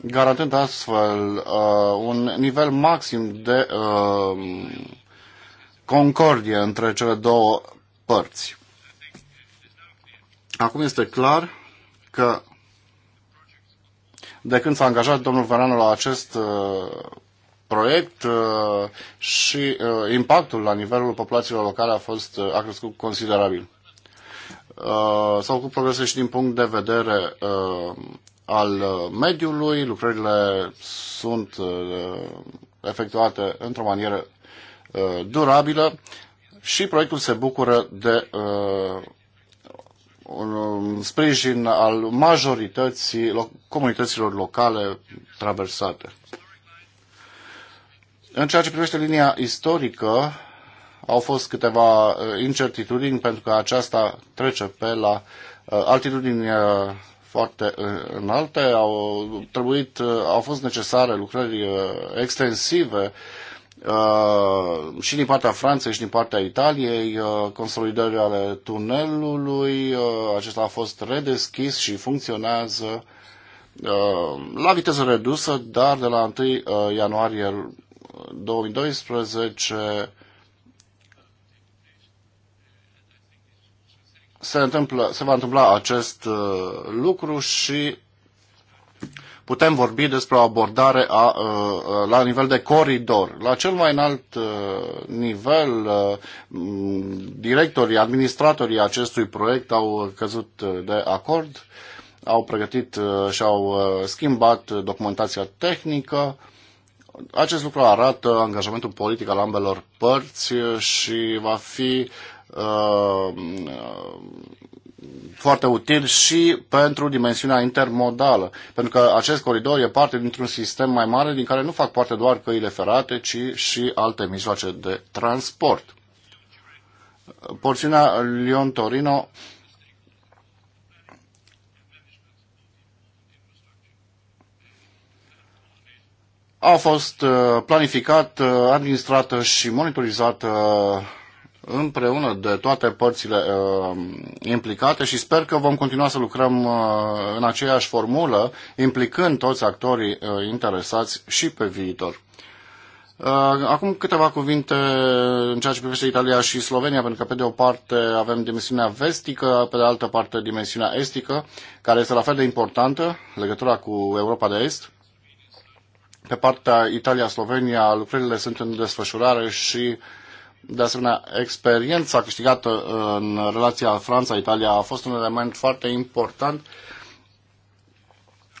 B: garantând astfel uh, un nivel maxim de uh, concordie între cele două părți. Acum este clar că de când s-a angajat domnul Veranu la acest uh, proiect uh, și uh, impactul la nivelul populațiilor locale a fost uh, a crescut considerabil. Uh, sau cu progrese și din punct de vedere uh, al uh, mediului, lucrările sunt efectuate într-o manieră durabilă și proiectul se bucură de un sprijin al majorității comunităților locale traversate. În ceea ce privește linia istorică, au fost câteva uh, incertitudini pentru că aceasta trece pe la uh, altitudini uh, foarte înalte. Au, trebuit, au fost necesare lucrări extensive și din partea Franței și din partea Italiei, consolidări ale tunelului, acesta a fost redeschis și funcționează la viteză redusă, dar de la 1 ianuarie 2012 se, întâmplă, se va întâmpla acest uh, lucru și putem vorbi despre o abordare a, uh, uh, la nivel de coridor. La cel mai înalt nivel, directorii, administratorii acestui proiect au căzut de acord, au pregătit și au schimbat documentația tehnică. Acest lucru arată angajamentul politic al ambelor părți și va fi Uh, foarte util și pentru dimensiunea intermodală, pentru că acest coridor e parte dintr-un sistem mai mare din care nu fac parte doar căile ferate, ci și alte mijloace de transport. Porțiunea Lyon-Torino a fost uh, planificată, uh, administrată și monitorizată împreună de toate părțile uh, implicate și sper că vom continua să lucrăm uh, în aceeași formulă, implicând toți actorii uh, interesați și pe viitor. Uh, acum câteva cuvinte în ceea ce privește Italia și Slovenia, pentru că pe de o parte avem dimensiunea vestică, pe de altă parte dimensiunea estică, care este la fel de importantă, legătura cu Europa de Est. Pe partea Italia-Slovenia lucrările sunt în desfășurare și uh, de asemenea, experiența câștigată uh, în relația Franța-Italia a fost un element foarte important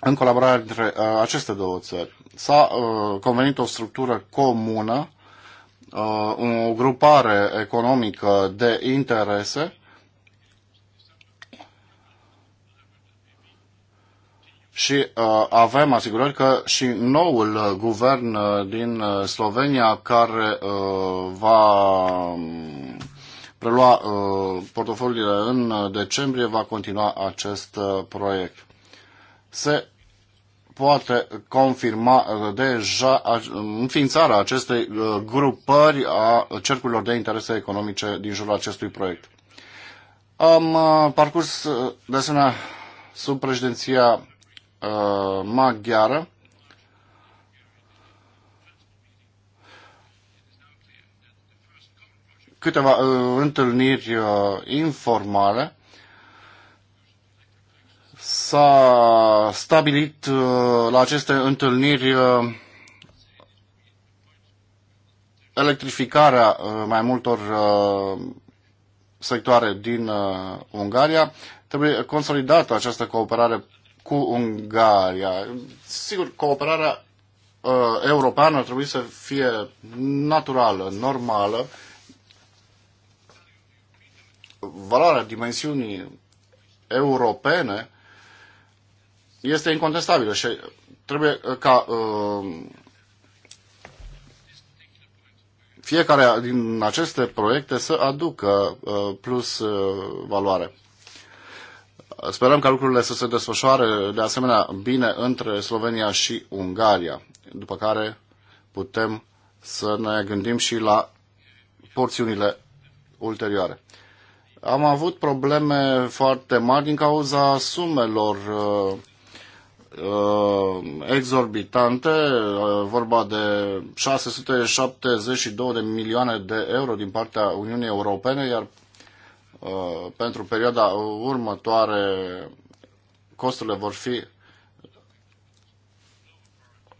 B: în colaborarea dintre uh, aceste două țări. S-a uh, convenit o structură comună, o grupare economică de interese și uh, avem asigurări că și noul uh, guvern uh, din uh, Slovenia care uh, va um, prelua uh, portofoliile în uh, decembrie va continua acest uh, proiect. Se poate confirma uh, deja uh, înființarea acestei uh, grupări a cercurilor de interese economice din jurul acestui proiect. Am uh, parcurs uh, de asemenea sub președinția Uh, maghiară. Câteva uh, întâlniri uh, informale s-a stabilit la aceste întâlniri electrificarea mai multor sectoare din Ungaria. Trebuie consolidată această cooperare cu Ungaria. Sigur, cooperarea uh, europeană ar trebui să fie naturală, normală. Valoarea dimensiunii europene este incontestabilă și trebuie uh, ca uh, fiecare din aceste proiecte să aducă uh, plus uh, valoare. Sperăm ca lucrurile să se desfășoare de asemenea bine între Slovenia și Ungaria, după care putem să ne gândim și la porțiunile ulterioare. Am avut probleme foarte mari din cauza sumelor uh, uh, exorbitante, uh, vorba de 672 de milioane de euro din partea Uniunii Europene, iar Uh, pentru perioada următoare costurile vor fi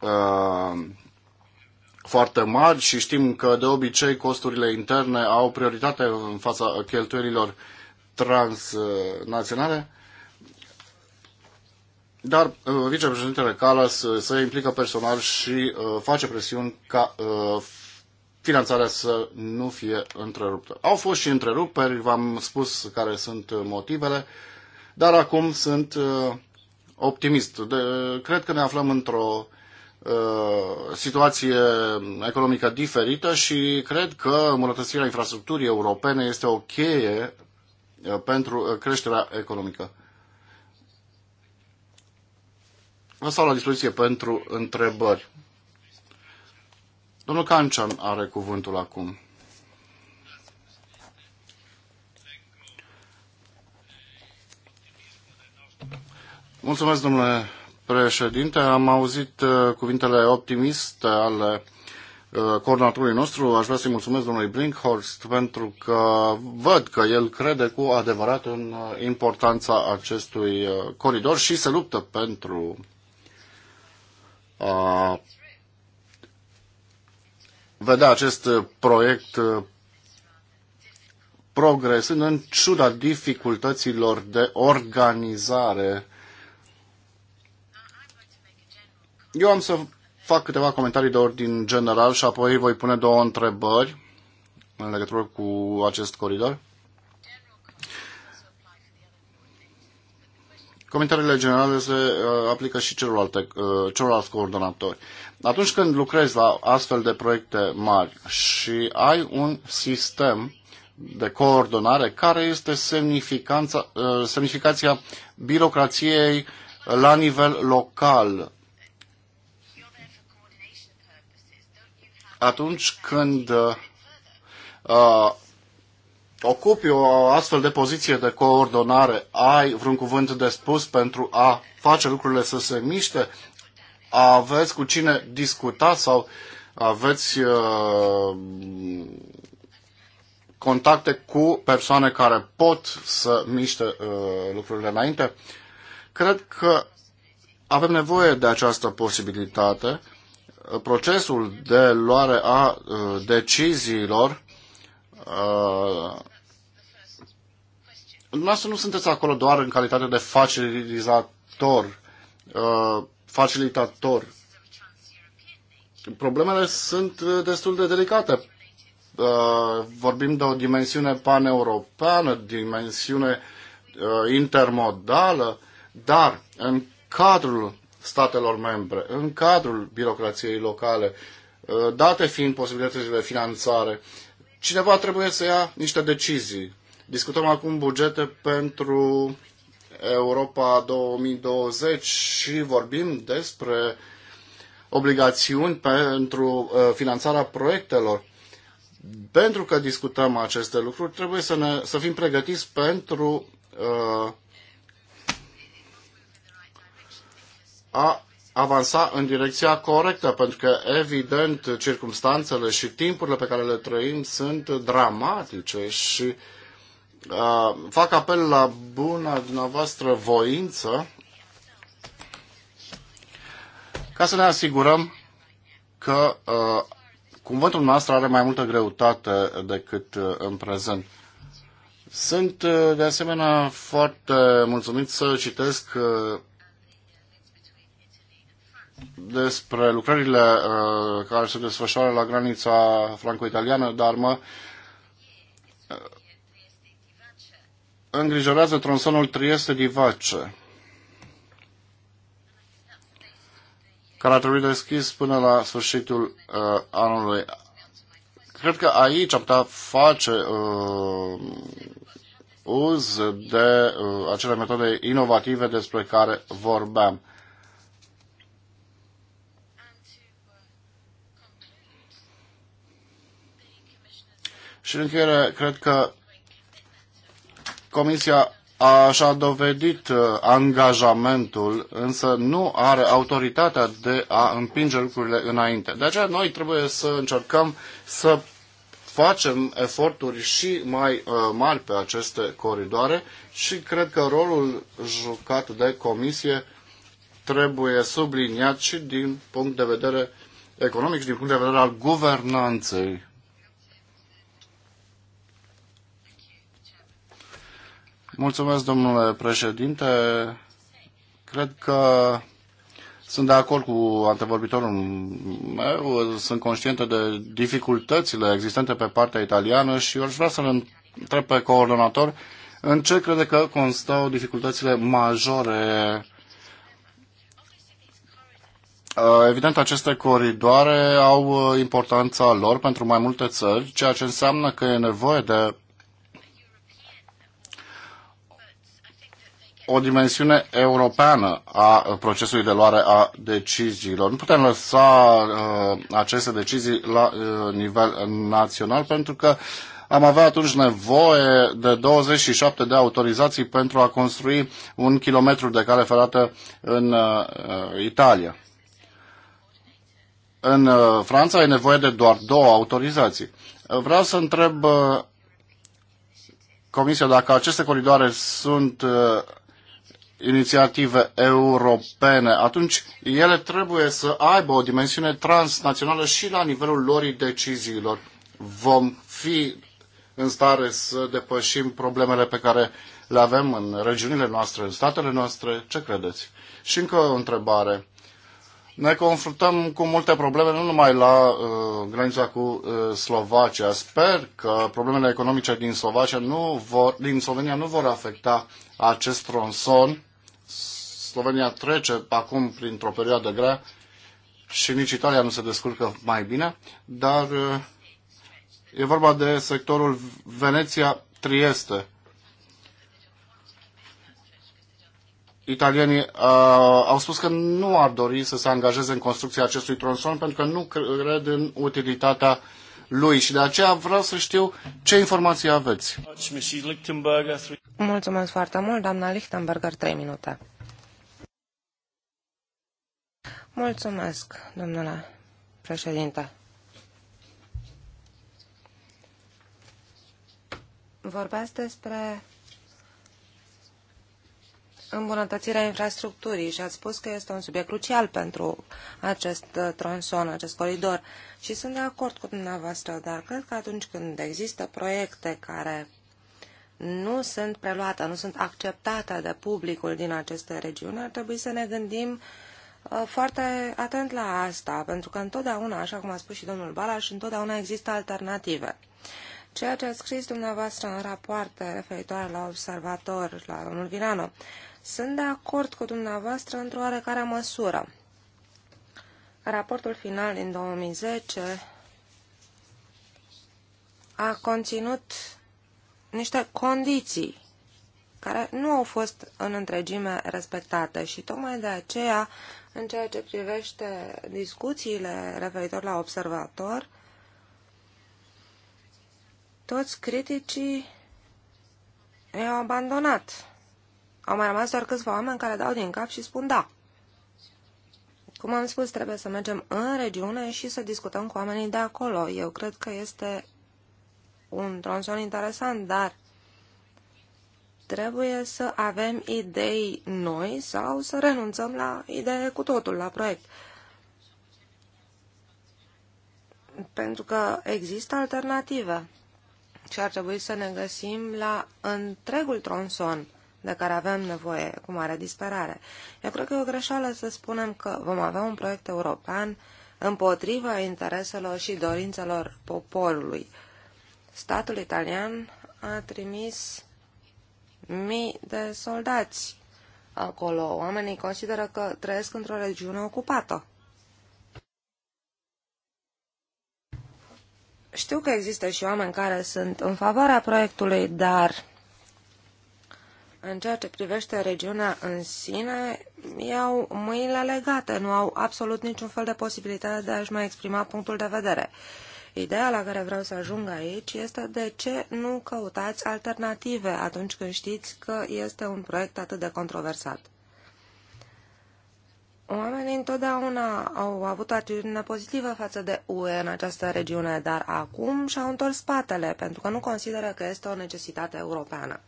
B: uh, foarte mari și știm că de obicei costurile interne au prioritate în fața cheltuielilor transnaționale. Dar uh, vicepreședintele Calas se implică personal și face presiuni ca finanțarea să nu fie întreruptă. Au fost și întreruperi, v-am spus care sunt motivele, dar acum sunt uh, optimist. De, cred că ne aflăm într-o uh, situație economică diferită și cred că îmbunătățirea infrastructurii europene este o cheie uh, pentru uh, creșterea economică. Vă stau la dispoziție pentru întrebări. Domnul Cancian are cuvântul acum. Mulțumesc, domnule președinte. Am auzit uh, cuvintele optimiste ale uh, coordonatorului nostru. Aș vrea să-i mulțumesc domnului Brinkhorst pentru că văd că el crede cu adevărat în uh, importanța acestui coridor și se luptă pentru a vedea acest uh, proiect uh, progresând în ciuda dificultăților de organizare. Eu am să fac câteva comentarii de ordin general și apoi voi pune două întrebări în legătură cu acest coridor. Comentariile generale se uh, aplică și celorlalte, uh, celorlalți coordonatori. Atunci când lucrezi la astfel de proiecte mari și ai un sistem de coordonare, care este uh, semnificația birocrației la nivel local. Atunci când uh, ocupi o astfel de poziție de coordonare, ai vreun cuvânt de spus pentru a face lucrurile să se miște? Aveți cu cine discuta sau aveți uh, contacte cu persoane care pot să miște uh, lucrurile înainte? Cred că avem nevoie de această posibilitate. Procesul de luare a uh, deciziilor uh, Dumneavoastră nu sunteți acolo doar în calitate de facilitator, uh, facilitator. Problemele sunt uh, destul de delicate. Uh, vorbim de o dimensiune paneuropeană, dimensiune uh, intermodală, dar în cadrul statelor membre, în cadrul birocrației locale, uh, date fiind posibilitățile de finanțare, cineva trebuie să ia niște decizii Discutăm acum bugete pentru Europa 2020 și vorbim despre obligațiuni pentru uh, finanțarea proiectelor. Pentru că discutăm aceste lucruri, trebuie să, ne, să fim pregătiți pentru uh, a avansa în direcția corectă, pentru că, evident, circumstanțele și timpurile pe care le trăim sunt dramatice și uh, Uh, fac apel la buna dumneavoastră voință ca să ne asigurăm că uh, cuvântul nostru are mai multă greutate decât uh, în prezent. Sunt uh, de asemenea foarte mulțumit să citesc uh, despre lucrările uh, care se desfășoară la granița franco-italiană, dar mă uh, îngrijorează tronsonul Trieste-Divace, care a trebuit deschis până la sfârșitul uh, anului. Cred că aici am putea face uh, uz de uh, acele metode inovative despre care vorbeam. Și în încheiere, cred că Comisia a, și-a dovedit uh, angajamentul, însă nu are autoritatea de a împinge lucrurile înainte. De aceea noi trebuie să încercăm să facem eforturi și mai uh, mari pe aceste coridoare și cred că rolul jucat de comisie trebuie subliniat și din punct de vedere economic și din punct de vedere al guvernanței. Mulțumesc, domnule președinte. Cred că sunt de acord cu antevorbitorul meu, sunt conștientă de dificultățile existente pe partea italiană și aș vrea să-l întreb pe coordonator în ce crede că constau dificultățile majore uh, Evident, aceste coridoare au uh, importanța lor pentru mai multe țări, ceea ce înseamnă că e nevoie de o dimensiune europeană a procesului de luare a deciziilor. Nu putem lăsa uh, aceste decizii la uh, nivel național pentru că am avea atunci nevoie de 27 de autorizații pentru a construi un kilometru de cale ferată în uh, Italia. În uh, Franța e nevoie de doar două autorizații. Vreau să întreb uh, Comisia dacă aceste coridoare sunt uh, inițiative europene, atunci ele trebuie să aibă o dimensiune transnațională și la nivelul lor deciziilor. Vom fi în stare să depășim problemele pe care le avem în regiunile noastre, în statele noastre? Ce credeți? Și încă o întrebare. Ne confruntăm cu multe probleme, nu numai la uh, granița cu uh, Slovacia. Sper că problemele economice din Slovacia nu vor, din Slovenia nu vor afecta acest tronson Slovenia trece acum printr-o perioadă grea și nici Italia nu se descurcă mai bine, dar uh, e vorba de sectorul Veneția-Trieste. italienii uh, au spus că nu ar dori să se angajeze în construcția acestui tronson pentru că nu cred în utilitatea lui și de aceea vreau să știu ce informații aveți.
C: Mulțumesc foarte mult, doamna Lichtenberger, 3 minute. Mulțumesc, domnule președinte. Vorbeați despre îmbunătățirea infrastructurii și ați spus că este un subiect crucial pentru acest uh, tronson, acest coridor. Și sunt de acord cu dumneavoastră, dar cred că atunci când există proiecte care nu sunt preluate, nu sunt acceptate de publicul din aceste regiuni, ar trebui să ne gândim uh, Uh, foarte atent la asta, pentru că întotdeauna, așa cum a spus și domnul Balaș, întotdeauna există alternative. Ceea ce ați scris dumneavoastră în rapoarte referitoare la observator, la domnul Virano, sunt de acord cu dumneavoastră într-o oarecare măsură. Raportul final din 2010 a conținut niște condiții care nu au fost în întregime respectate și tocmai de aceea în ceea ce privește discuțiile referitor la observator, toți criticii i-au abandonat. Au mai rămas doar câțiva oameni care dau din cap și spun da. Cum am spus, trebuie să mergem în regiune și să discutăm cu oamenii de acolo. Eu cred că este un tronson interesant, dar trebuie să avem idei noi sau să renunțăm la idee cu totul, la proiect. Pentru că există alternative și ar trebui să ne găsim la întregul tronson de care avem nevoie cu mare disperare. Eu cred că e o greșeală să spunem că vom avea un proiect european împotriva intereselor și dorințelor poporului. Statul italian a trimis mii de soldați acolo. Oamenii consideră că trăiesc într-o regiune ocupată. Știu că există și oameni care sunt în favoarea proiectului, dar în ceea ce privește regiunea în sine, iau mâinile legate, nu au absolut niciun fel de posibilitate de a-și mai exprima punctul de vedere. Uh, Ideea la care vreau să ajung aici este de ce nu căutați alternative atunci când știți că este un proiect atât de controversat. Oamenii întotdeauna au avut o atitudine pozitivă față de UE în această regiune, dar acum și-au întors spatele, pentru că nu consideră că este o necesitate europeană.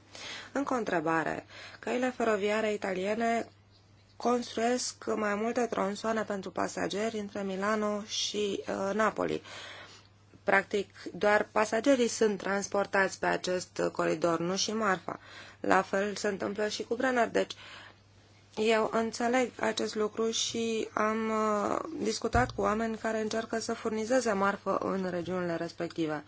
C: Încă o întrebare. Căile feroviare italiene construiesc mai multe tronsoane pentru pasageri între Milano și uh, Napoli. Practic, doar pasagerii sunt transportați pe acest coridor, nu și marfa. La fel se întâmplă și cu Brenner. Deci, eu înțeleg acest lucru și am uh, discutat cu oameni care încearcă să furnizeze marfă în regiunile respective.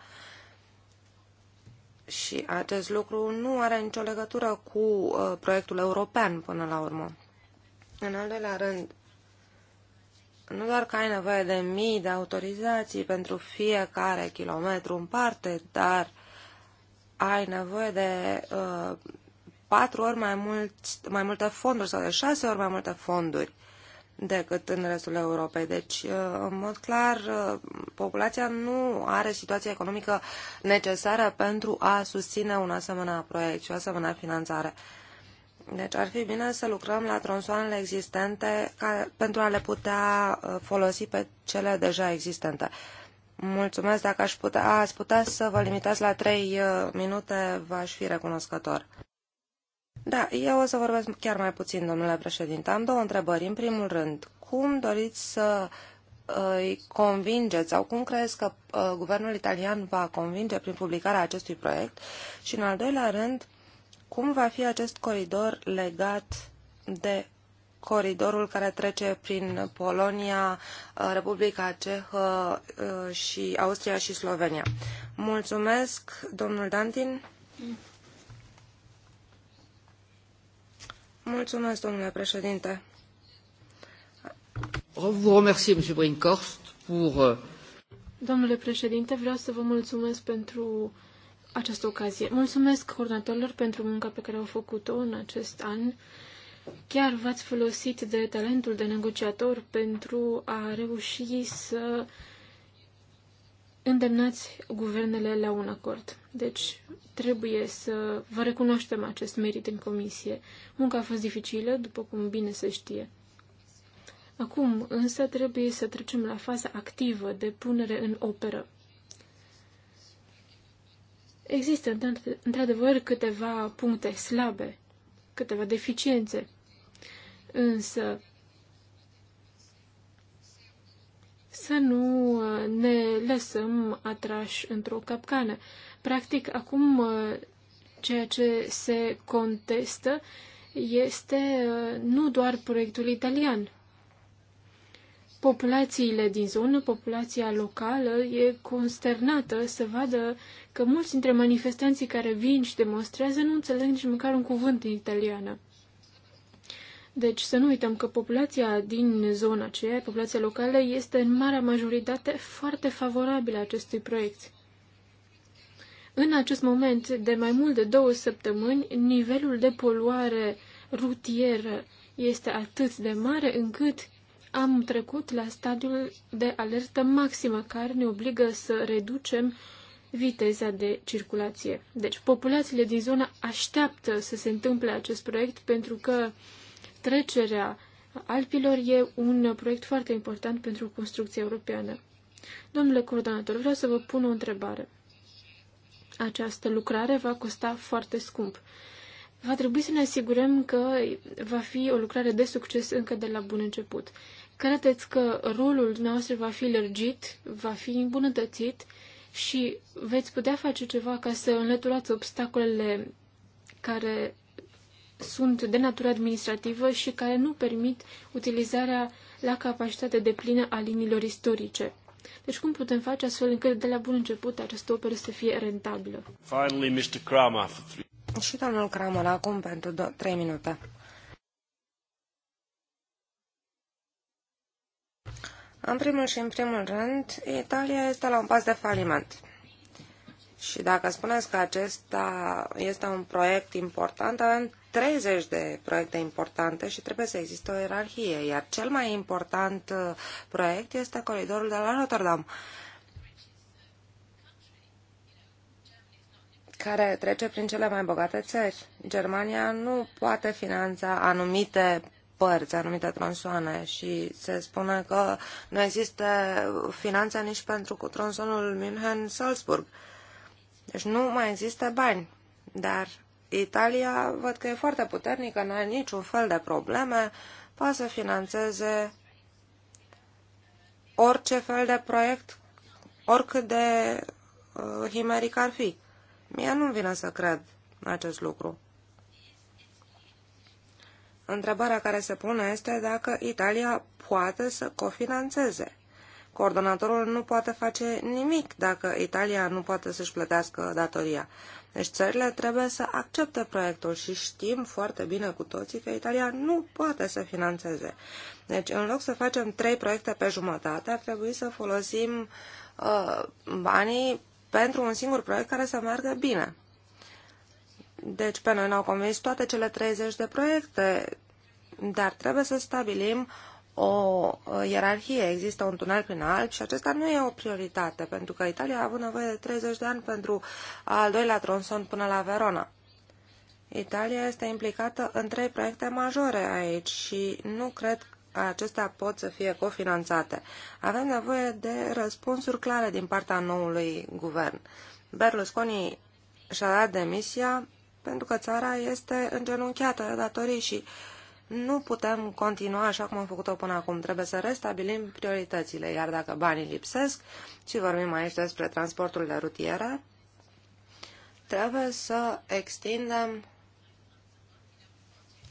C: Și acest lucru nu are nicio legătură cu uh, proiectul european până la urmă. În al doilea rând, nu doar că ai nevoie de mii de autorizații pentru fiecare kilometru în parte, dar ai nevoie de uh, patru ori mai, mult, mai multe fonduri sau de șase ori mai multe fonduri decât în restul Europei. Deci, uh, în mod clar, uh, populația nu are situația economică necesară pentru a susține un asemenea proiect și o asemenea finanțare. Deci ar fi bine să lucrăm la tronsoanele existente ca, pentru a le putea uh, folosi pe cele deja existente. Mulțumesc. Dacă aș putea, ați putea să vă limitați la 3 uh, minute, v-aș fi recunoscător. Da, eu o să vorbesc chiar mai puțin, domnule președinte. Am două întrebări. În primul rând, cum doriți să uh, îi convingeți sau cum crezi că guvernul italian va convinge prin publicarea acestui proiect? Și în al doilea rând, uh, cum va fi acest coridor legat de coridorul care trece prin Polonia, uh, Republica Cehă uh, și Austria și Slovenia? Mulțumesc, domnul Dantin. Mulțumesc, domnule președinte.
A: Vă mulțumesc, domnule Brinkhorst, pentru. Domnule președinte, vreau să vă mulțumesc pentru această ocazie. Mulțumesc coordonatorilor pentru munca pe care au făcut-o în acest an. Chiar v-ați folosit de talentul de negociator pentru a reuși să îndemnați guvernele la un acord. Deci trebuie să vă recunoaștem acest merit în comisie. Munca a fost dificilă, după cum bine se știe. Acum însă trebuie să trecem la faza activă de punere în operă. Există, într-adevăr, câteva puncte slabe, câteva deficiențe, însă să nu uh, ne lăsăm atrași într-o capcană. Practic, acum uh, ceea ce se contestă este uh, nu doar proiectul italian, populațiile din zonă, populația locală, e consternată să vadă că mulți dintre manifestanții care vin și demonstrează nu înțeleg nici măcar un cuvânt în italiană. Deci să nu uităm că populația din zona aceea, populația locală, este în marea majoritate foarte favorabilă acestui proiect. În acest moment, de mai mult de două săptămâni, nivelul de poluare rutieră este atât de mare încât am trecut la stadiul de alertă maximă, care ne obligă să reducem viteza de circulație. Deci, populațiile din zona așteaptă să se întâmple acest proiect pentru că trecerea Alpilor e un proiect foarte important pentru construcția europeană. Domnule coordonator, vreau să vă pun o întrebare. Această lucrare va costa foarte scump va trebui să ne asigurăm că va fi o lucrare de succes încă de la bun început. Credeți că rolul dumneavoastră va fi lărgit, va fi îmbunătățit și veți putea face ceva ca să înlăturați obstacolele care sunt de natură administrativă și care nu permit utilizarea la capacitate de plină a liniilor istorice. Deci cum putem face astfel încât de la bun început această operă să fie rentabilă?
B: Finally, Mr. Kramer, for three...
A: Și domnul
C: Cramer acum pentru 3 minute. În primul și în primul rând, Italia este la un pas de faliment. Și dacă spuneți că acesta este un proiect important, avem 30 de proiecte importante și trebuie să existe o ierarhie, iar cel mai important uh, proiect este coridorul de la Rotterdam. Uh, care trece prin cele mai bogate țări. Germania nu poate finanța anumite părți, anumite tronsoane și se spune că nu există finanța nici pentru tronsonul München-Salzburg. Deci nu mai există bani, dar Italia văd că e foarte puternică, nu are niciun fel de probleme, poate să financeze orice fel de proiect, oricât de uh, himeric ar fi. Mie nu-mi vine să cred acest lucru. Întrebarea care se pune este dacă Italia poate să cofinanțeze. Coordonatorul nu poate face nimic dacă Italia nu poate să-și plătească datoria. Deci țările trebuie să accepte proiectul și știm foarte bine cu toții că Italia nu poate să financeze. Deci în loc să facem trei proiecte pe jumătate, ar trebui să folosim uh, banii pentru un singur proiect care să meargă bine. Deci pe noi ne-au convins toate cele 30 de proiecte, dar trebuie să stabilim o uh, ierarhie. Există un tunel prin alb și acesta nu e o prioritate, pentru că Italia a avut nevoie de 30 de ani pentru al doilea tronson până la Verona. Italia este implicată în trei proiecte majore aici și nu cred care acestea pot să fie cofinanțate. Avem nevoie de răspunsuri clare din partea noului guvern. Berlusconi și-a dat demisia pentru că țara este îngenunchiată de datorii și nu putem continua așa cum am făcut-o până acum. Trebuie să restabilim prioritățile, iar dacă banii lipsesc, și vorbim aici despre transportul de rutiere, trebuie să extindem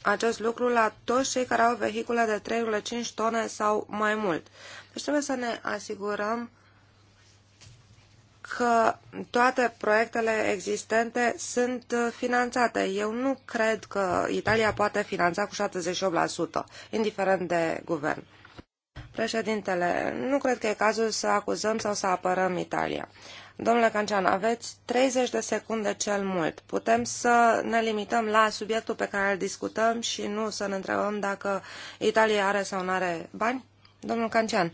C: acest lucru la toți cei care au vehicule de 3,5 tone sau mai mult. Deci trebuie să ne asigurăm că toate proiectele existente sunt uh, finanțate. Eu nu cred că Italia poate finanța cu 78%, indiferent de guvern. Președintele, nu cred că e cazul să acuzăm sau să apărăm Italia. Domnule Cancean, aveți 30 de secunde cel mult. Putem să ne limităm la subiectul pe care îl discutăm și nu să ne întrebăm dacă Italia are sau nu are bani? Domnul Cancean.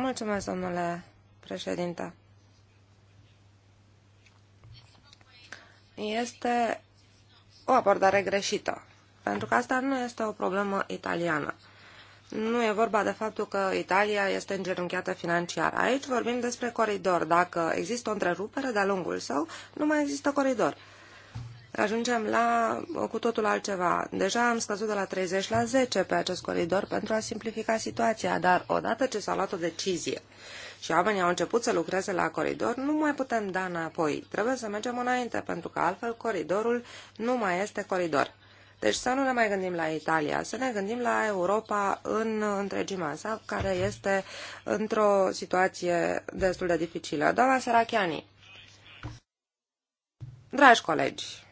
C: Mulțumesc, domnule președinte. Este o abordare greșită, pentru că asta nu este o problemă italiană. Nu e vorba de faptul că Italia este îngenunchiată financiar. Aici vorbim despre coridor. Dacă există o întrerupere de-a lungul său, nu mai există coridor. Ajungem la cu totul altceva. Deja am scăzut de la 30 la 10 pe acest coridor pentru a simplifica situația, dar odată ce s-a luat o decizie și oamenii au început să lucreze la coridor, nu mai putem da înapoi. Trebuie să mergem înainte, pentru că altfel coridorul nu mai este coridor. Deci să nu ne mai gândim la Italia, să ne gândim la Europa în întregimea sa, care este într-o situație destul de dificilă. Doamna Sarachiani, dragi colegi,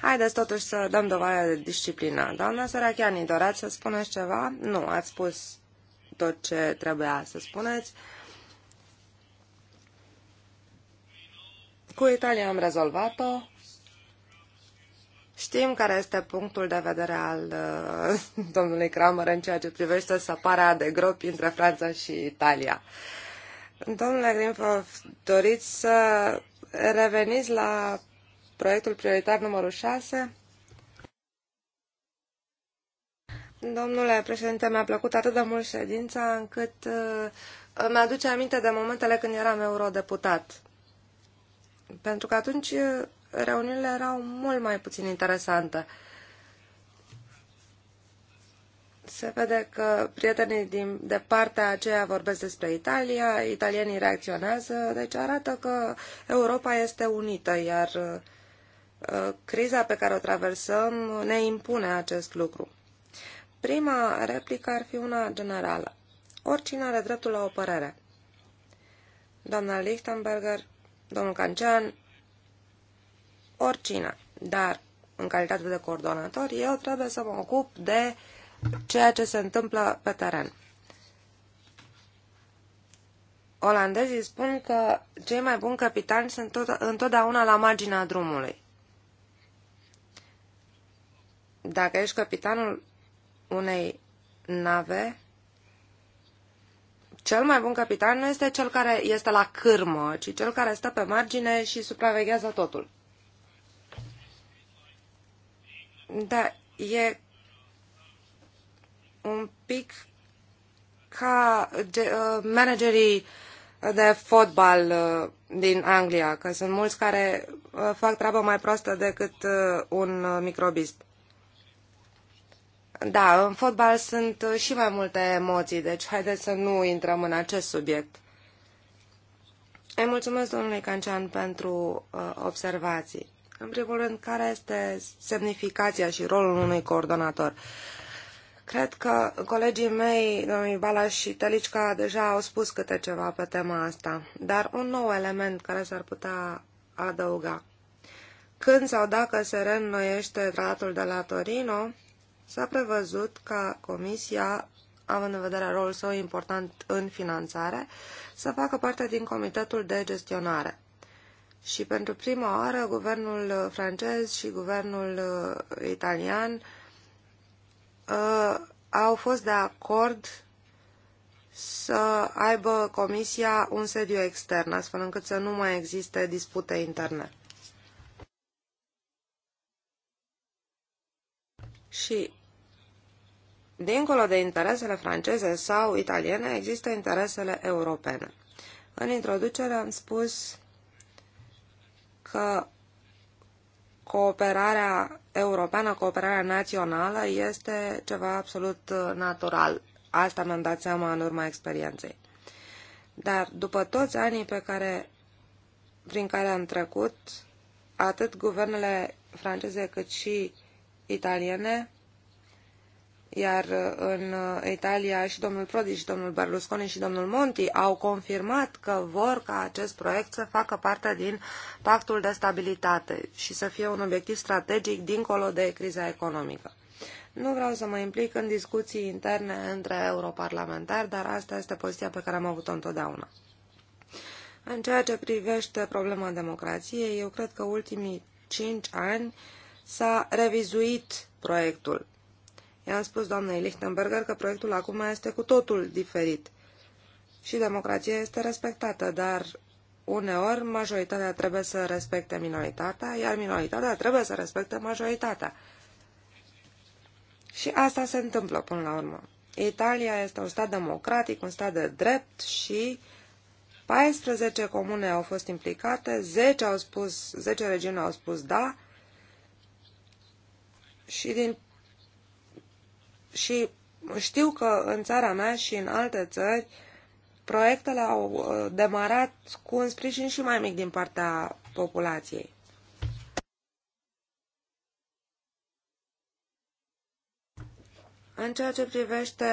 C: Haideți totuși să dăm dovadă de disciplină. Doamna Săracheani, doreați să spuneți ceva? Nu, ați spus tot ce trebuia să spuneți. Cu Italia am rezolvat-o. Știm care este punctul de vedere al uh, *laughs* domnului Kramer în ceea ce privește săparea de gropi între Franța și Italia. Domnule Grimfov, doriți să reveniți la proiectul prioritar numărul 6? Domnule președinte, mi-a plăcut atât de mult ședința încât uh, îmi aduce aminte de momentele când eram eurodeputat. Pentru că atunci uh, reuniunile erau mult mai puțin interesante. Se vede că prietenii din, de partea aceea vorbesc despre Italia, italienii reacționează, deci arată că Europa este unită, iar uh, criza pe care o traversăm ne impune acest lucru. Prima replică ar fi una generală. Oricine are dreptul la o părere. Doamna Lichtenberger, domnul Cancean, oricine. Dar, în calitate de coordonator, eu trebuie să mă ocup de ceea ce se întâmplă pe teren. Olandezii spun că cei mai buni capitani sunt întotdeauna la marginea drumului. Dacă ești capitanul unei nave, cel mai bun capitan nu este cel care este la cârmă, ci cel care stă pe margine și supraveghează totul. Da, e un pic ca uh, managerii de fotbal uh, din Anglia, că sunt mulți care uh, fac treabă mai proastă decât un microbist. Da, în fotbal sunt și mai multe emoții, deci haideți să nu intrăm în acest subiect. Îi mulțumesc domnului Cancean pentru uh, observații. În primul rând, care este semnificația și rolul unui coordonator? Cred că colegii mei, domnii Bala și Tălicica, deja au spus câte ceva pe tema asta, dar un nou element care s-ar putea adăuga. Când sau dacă se reînnoiește tratatul de la Torino, s-a prevăzut ca Comisia, având în vedere rolul său important în finanțare, să facă parte din Comitetul de Gestionare și pentru prima oară guvernul francez și guvernul uh, italian uh, au fost de acord să aibă comisia un sediu extern, astfel încât să nu mai existe dispute interne. Și Dincolo de interesele franceze sau italiene, există interesele europene. În introducere am spus că cooperarea europeană, cooperarea națională este ceva absolut uh, natural. Asta mi-am dat seama în urma experienței. Dar după toți anii pe care, prin care am trecut, atât guvernele franceze cât și italiene iar uh, în uh, Italia și domnul Prodi și domnul Berlusconi și domnul Monti au confirmat că vor ca acest proiect să facă parte din pactul de stabilitate și să fie un obiectiv strategic dincolo de criza economică. Nu vreau să mă implic în discuții interne între europarlamentari, dar asta este poziția pe care am avut-o întotdeauna. În ceea ce privește problema democrației, eu cred că ultimii cinci ani s-a revizuit proiectul I-am spus doamnei Lichtenberger că proiectul acum este cu totul diferit. Și democrația este respectată, dar uneori majoritatea trebuie să respecte minoritatea, iar minoritatea trebuie să respecte majoritatea. Și asta se întâmplă până la urmă. Italia este un stat democratic, un stat de drept și 14 comune au fost implicate, 10, au spus, 10 regiuni au spus da și din și știu că în țara mea și în alte țări proiectele au uh, demarat cu un sprijin și mai mic din partea populației. În ceea ce privește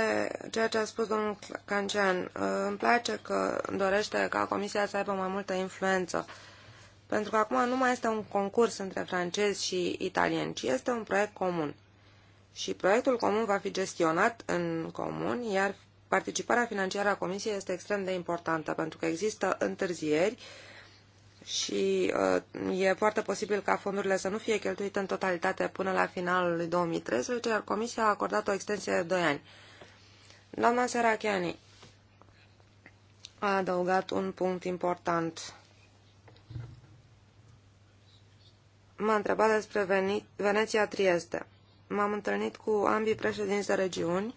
C: ceea ce a spus domnul Cancian, uh, îmi place că dorește ca Comisia să aibă mai multă influență. Pentru că acum nu mai este un concurs între francezi și italieni, ci este un proiect comun și proiectul comun va fi gestionat în comun, iar participarea financiară a Comisiei este extrem de importantă, pentru că există întârzieri și uh, e foarte posibil ca fondurile să nu fie cheltuite în totalitate până la finalul 2013, iar Comisia a acordat o extensie de 2 ani. Doamna Serachiani a adăugat un punct important. M-a întrebat despre Veneția Trieste. M-am întâlnit cu ambii președinți de regiuni.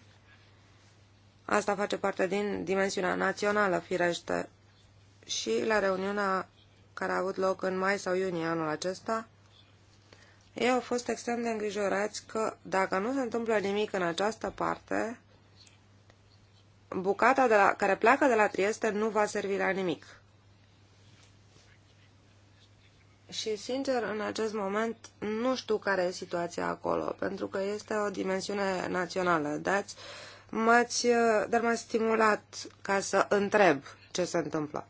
C: Asta face parte din dimensiunea națională, firește. Și la reuniunea care a avut loc în mai sau iunie anul acesta, ei au fost extrem de îngrijorați că dacă nu se întâmplă nimic în această parte, bucata de la, care pleacă de la Trieste nu va servi la nimic. Și, sincer, în acest moment nu știu care e situația acolo, pentru că este o dimensiune națională. Dați, m-ați, dar m-ați stimulat ca să întreb ce se întâmplă.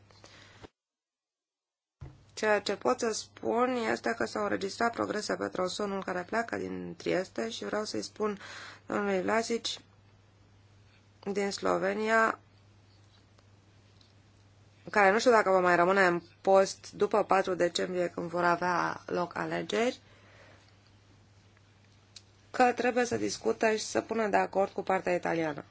C: Ceea ce pot să spun este că s-au înregistrat progrese pe tronsonul care pleacă din Trieste și vreau să-i spun domnului Lasici din Slovenia care nu știu dacă va mai rămâne în post după 4 decembrie când vor avea loc alegeri, că trebuie să discute și să pună de acord cu partea italiană.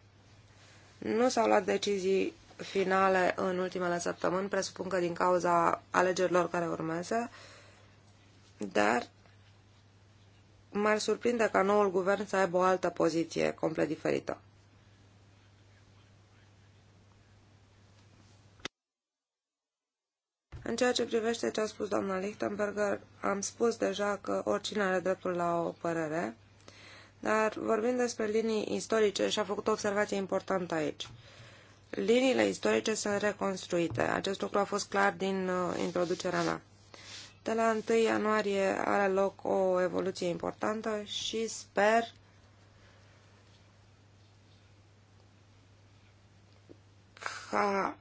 C: Nu s-au luat decizii finale în ultimele săptămâni, presupun că din cauza alegerilor care urmează, dar m-ar surprinde ca noul guvern să aibă o altă poziție complet diferită. În ceea ce privește ce a spus doamna Lichtenberger, am spus deja că oricine are dreptul la o părere, dar vorbind despre linii istorice, și-a făcut o observație importantă aici. Liniile istorice sunt reconstruite. Acest lucru a fost clar din uh, introducerea mea. De la 1 ianuarie are loc o evoluție importantă și sper ca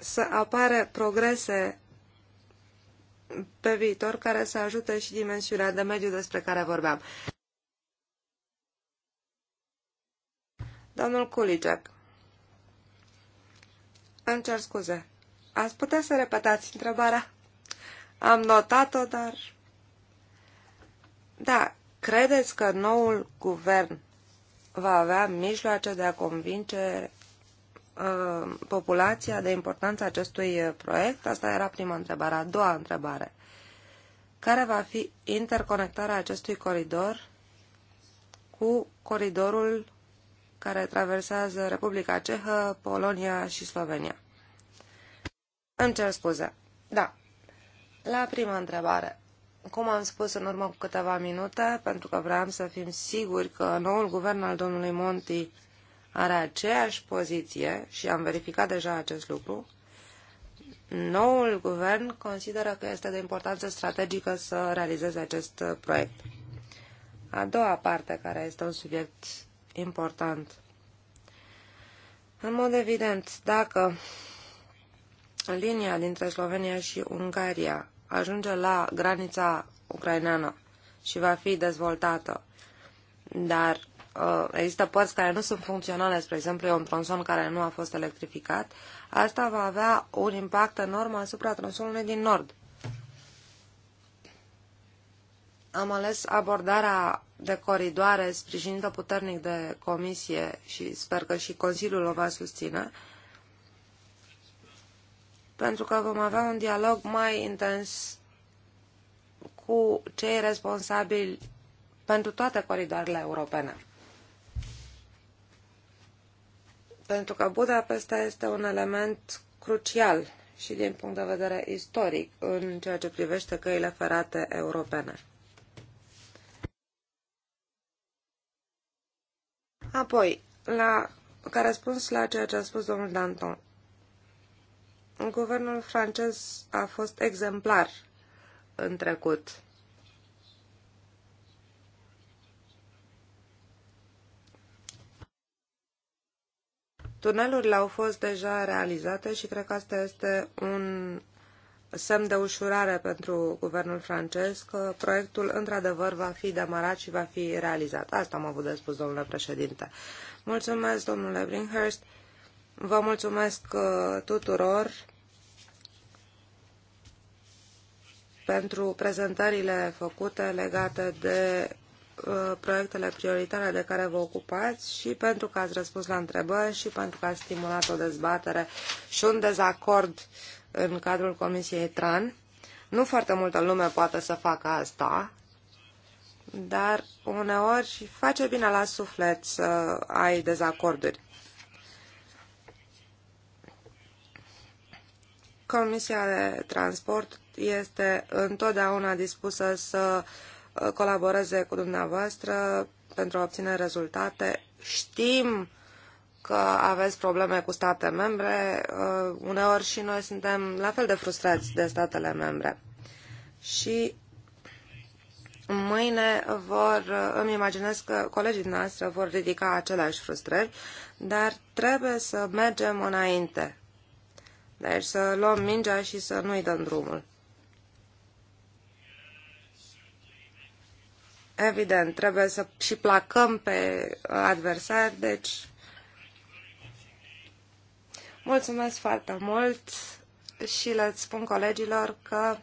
C: să apară progrese pe viitor care să ajute și dimensiunea de mediu despre care vorbeam. Domnul Kulicek. Îmi cer scuze. Ați putea să repetați întrebarea? Am notat-o, dar... Da, credeți că noul guvern va avea mijloace de a convinge Uh, populația de importanța acestui uh, proiect? Asta era prima întrebare. A doua întrebare. Care va fi interconectarea acestui coridor cu coridorul care traversează Republica Cehă, Polonia și Slovenia? Îmi cer scuze. Da. La prima întrebare. Cum am spus în urmă cu câteva minute, pentru că vreau să fim siguri că noul guvern al domnului Monti are aceeași poziție și am verificat deja acest lucru. Noul guvern consideră că este de importanță strategică să realizeze acest proiect. A doua parte, care este un subiect important. În mod evident, dacă linia dintre Slovenia și Ungaria ajunge la granița ucraineană și va fi dezvoltată, dar Uh, există părți care nu sunt funcționale, spre exemplu e un tronson care nu a fost electrificat, asta va avea un impact enorm asupra tronsonului din nord. Am ales abordarea de coridoare sprijinită puternic de comisie și sper că și Consiliul o va susține, pentru că vom avea un dialog mai intens cu cei responsabili pentru toate coridoarele europene. pentru că Budapesta este un element crucial și din punct de vedere istoric în ceea ce privește căile ferate europene. Apoi, la, ca răspuns la ceea ce a spus domnul Danton, guvernul francez a fost exemplar în trecut Tunelurile au fost deja realizate și cred că asta este un semn de ușurare pentru guvernul francez că proiectul într-adevăr va fi demarat și va fi realizat. Asta am avut de spus, domnule președinte. Mulțumesc, domnule Brinhurst. Vă mulțumesc uh, tuturor pentru prezentările făcute legate de Uh, proiectele prioritare de care vă ocupați și pentru că ați răspuns la întrebări și pentru că ați stimulat o dezbatere și un dezacord în cadrul Comisiei TRAN. Nu foarte multă lume poate să facă asta, dar uneori face bine la suflet să ai dezacorduri. Comisia de Transport este întotdeauna dispusă să uh, Uh, colaboreze cu dumneavoastră pentru a obține rezultate. Știm că aveți probleme cu state membre, uh, uneori și noi suntem la fel de frustrați de statele membre. Și mâine vor, uh, îmi imaginez că colegii noastre vor ridica aceleași frustrări, dar trebuie să mergem înainte. Deci să luăm mingea și să nu-i dăm drumul. Evident, trebuie să și placăm pe uh, adversari, deci mulțumesc foarte mult și le spun colegilor că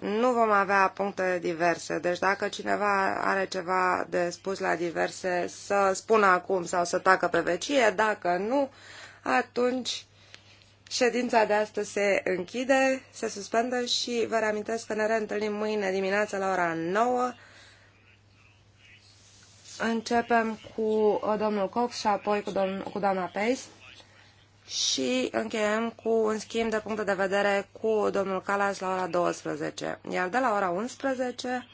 C: nu vom avea puncte diverse, deci dacă cineva are ceva de spus la diverse, să spună acum sau să tacă pe vecie, dacă nu, atunci Ședința de astăzi se închide, se suspendă și vă reamintesc că ne reîntâlnim mâine dimineața la ora 9. Începem cu uh, domnul Cox și apoi cu, domn, cu doamna Pace și încheiem cu un schimb de puncte de vedere cu domnul Calas la ora 12. Iar de la ora 11,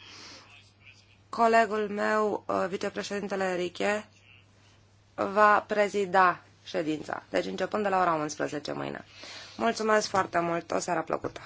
C: colegul meu, uh, vicepreședintele Riche, va prezida ședința. Deci începând de la ora 11 mâine. Mulțumesc foarte mult, o seară plăcută!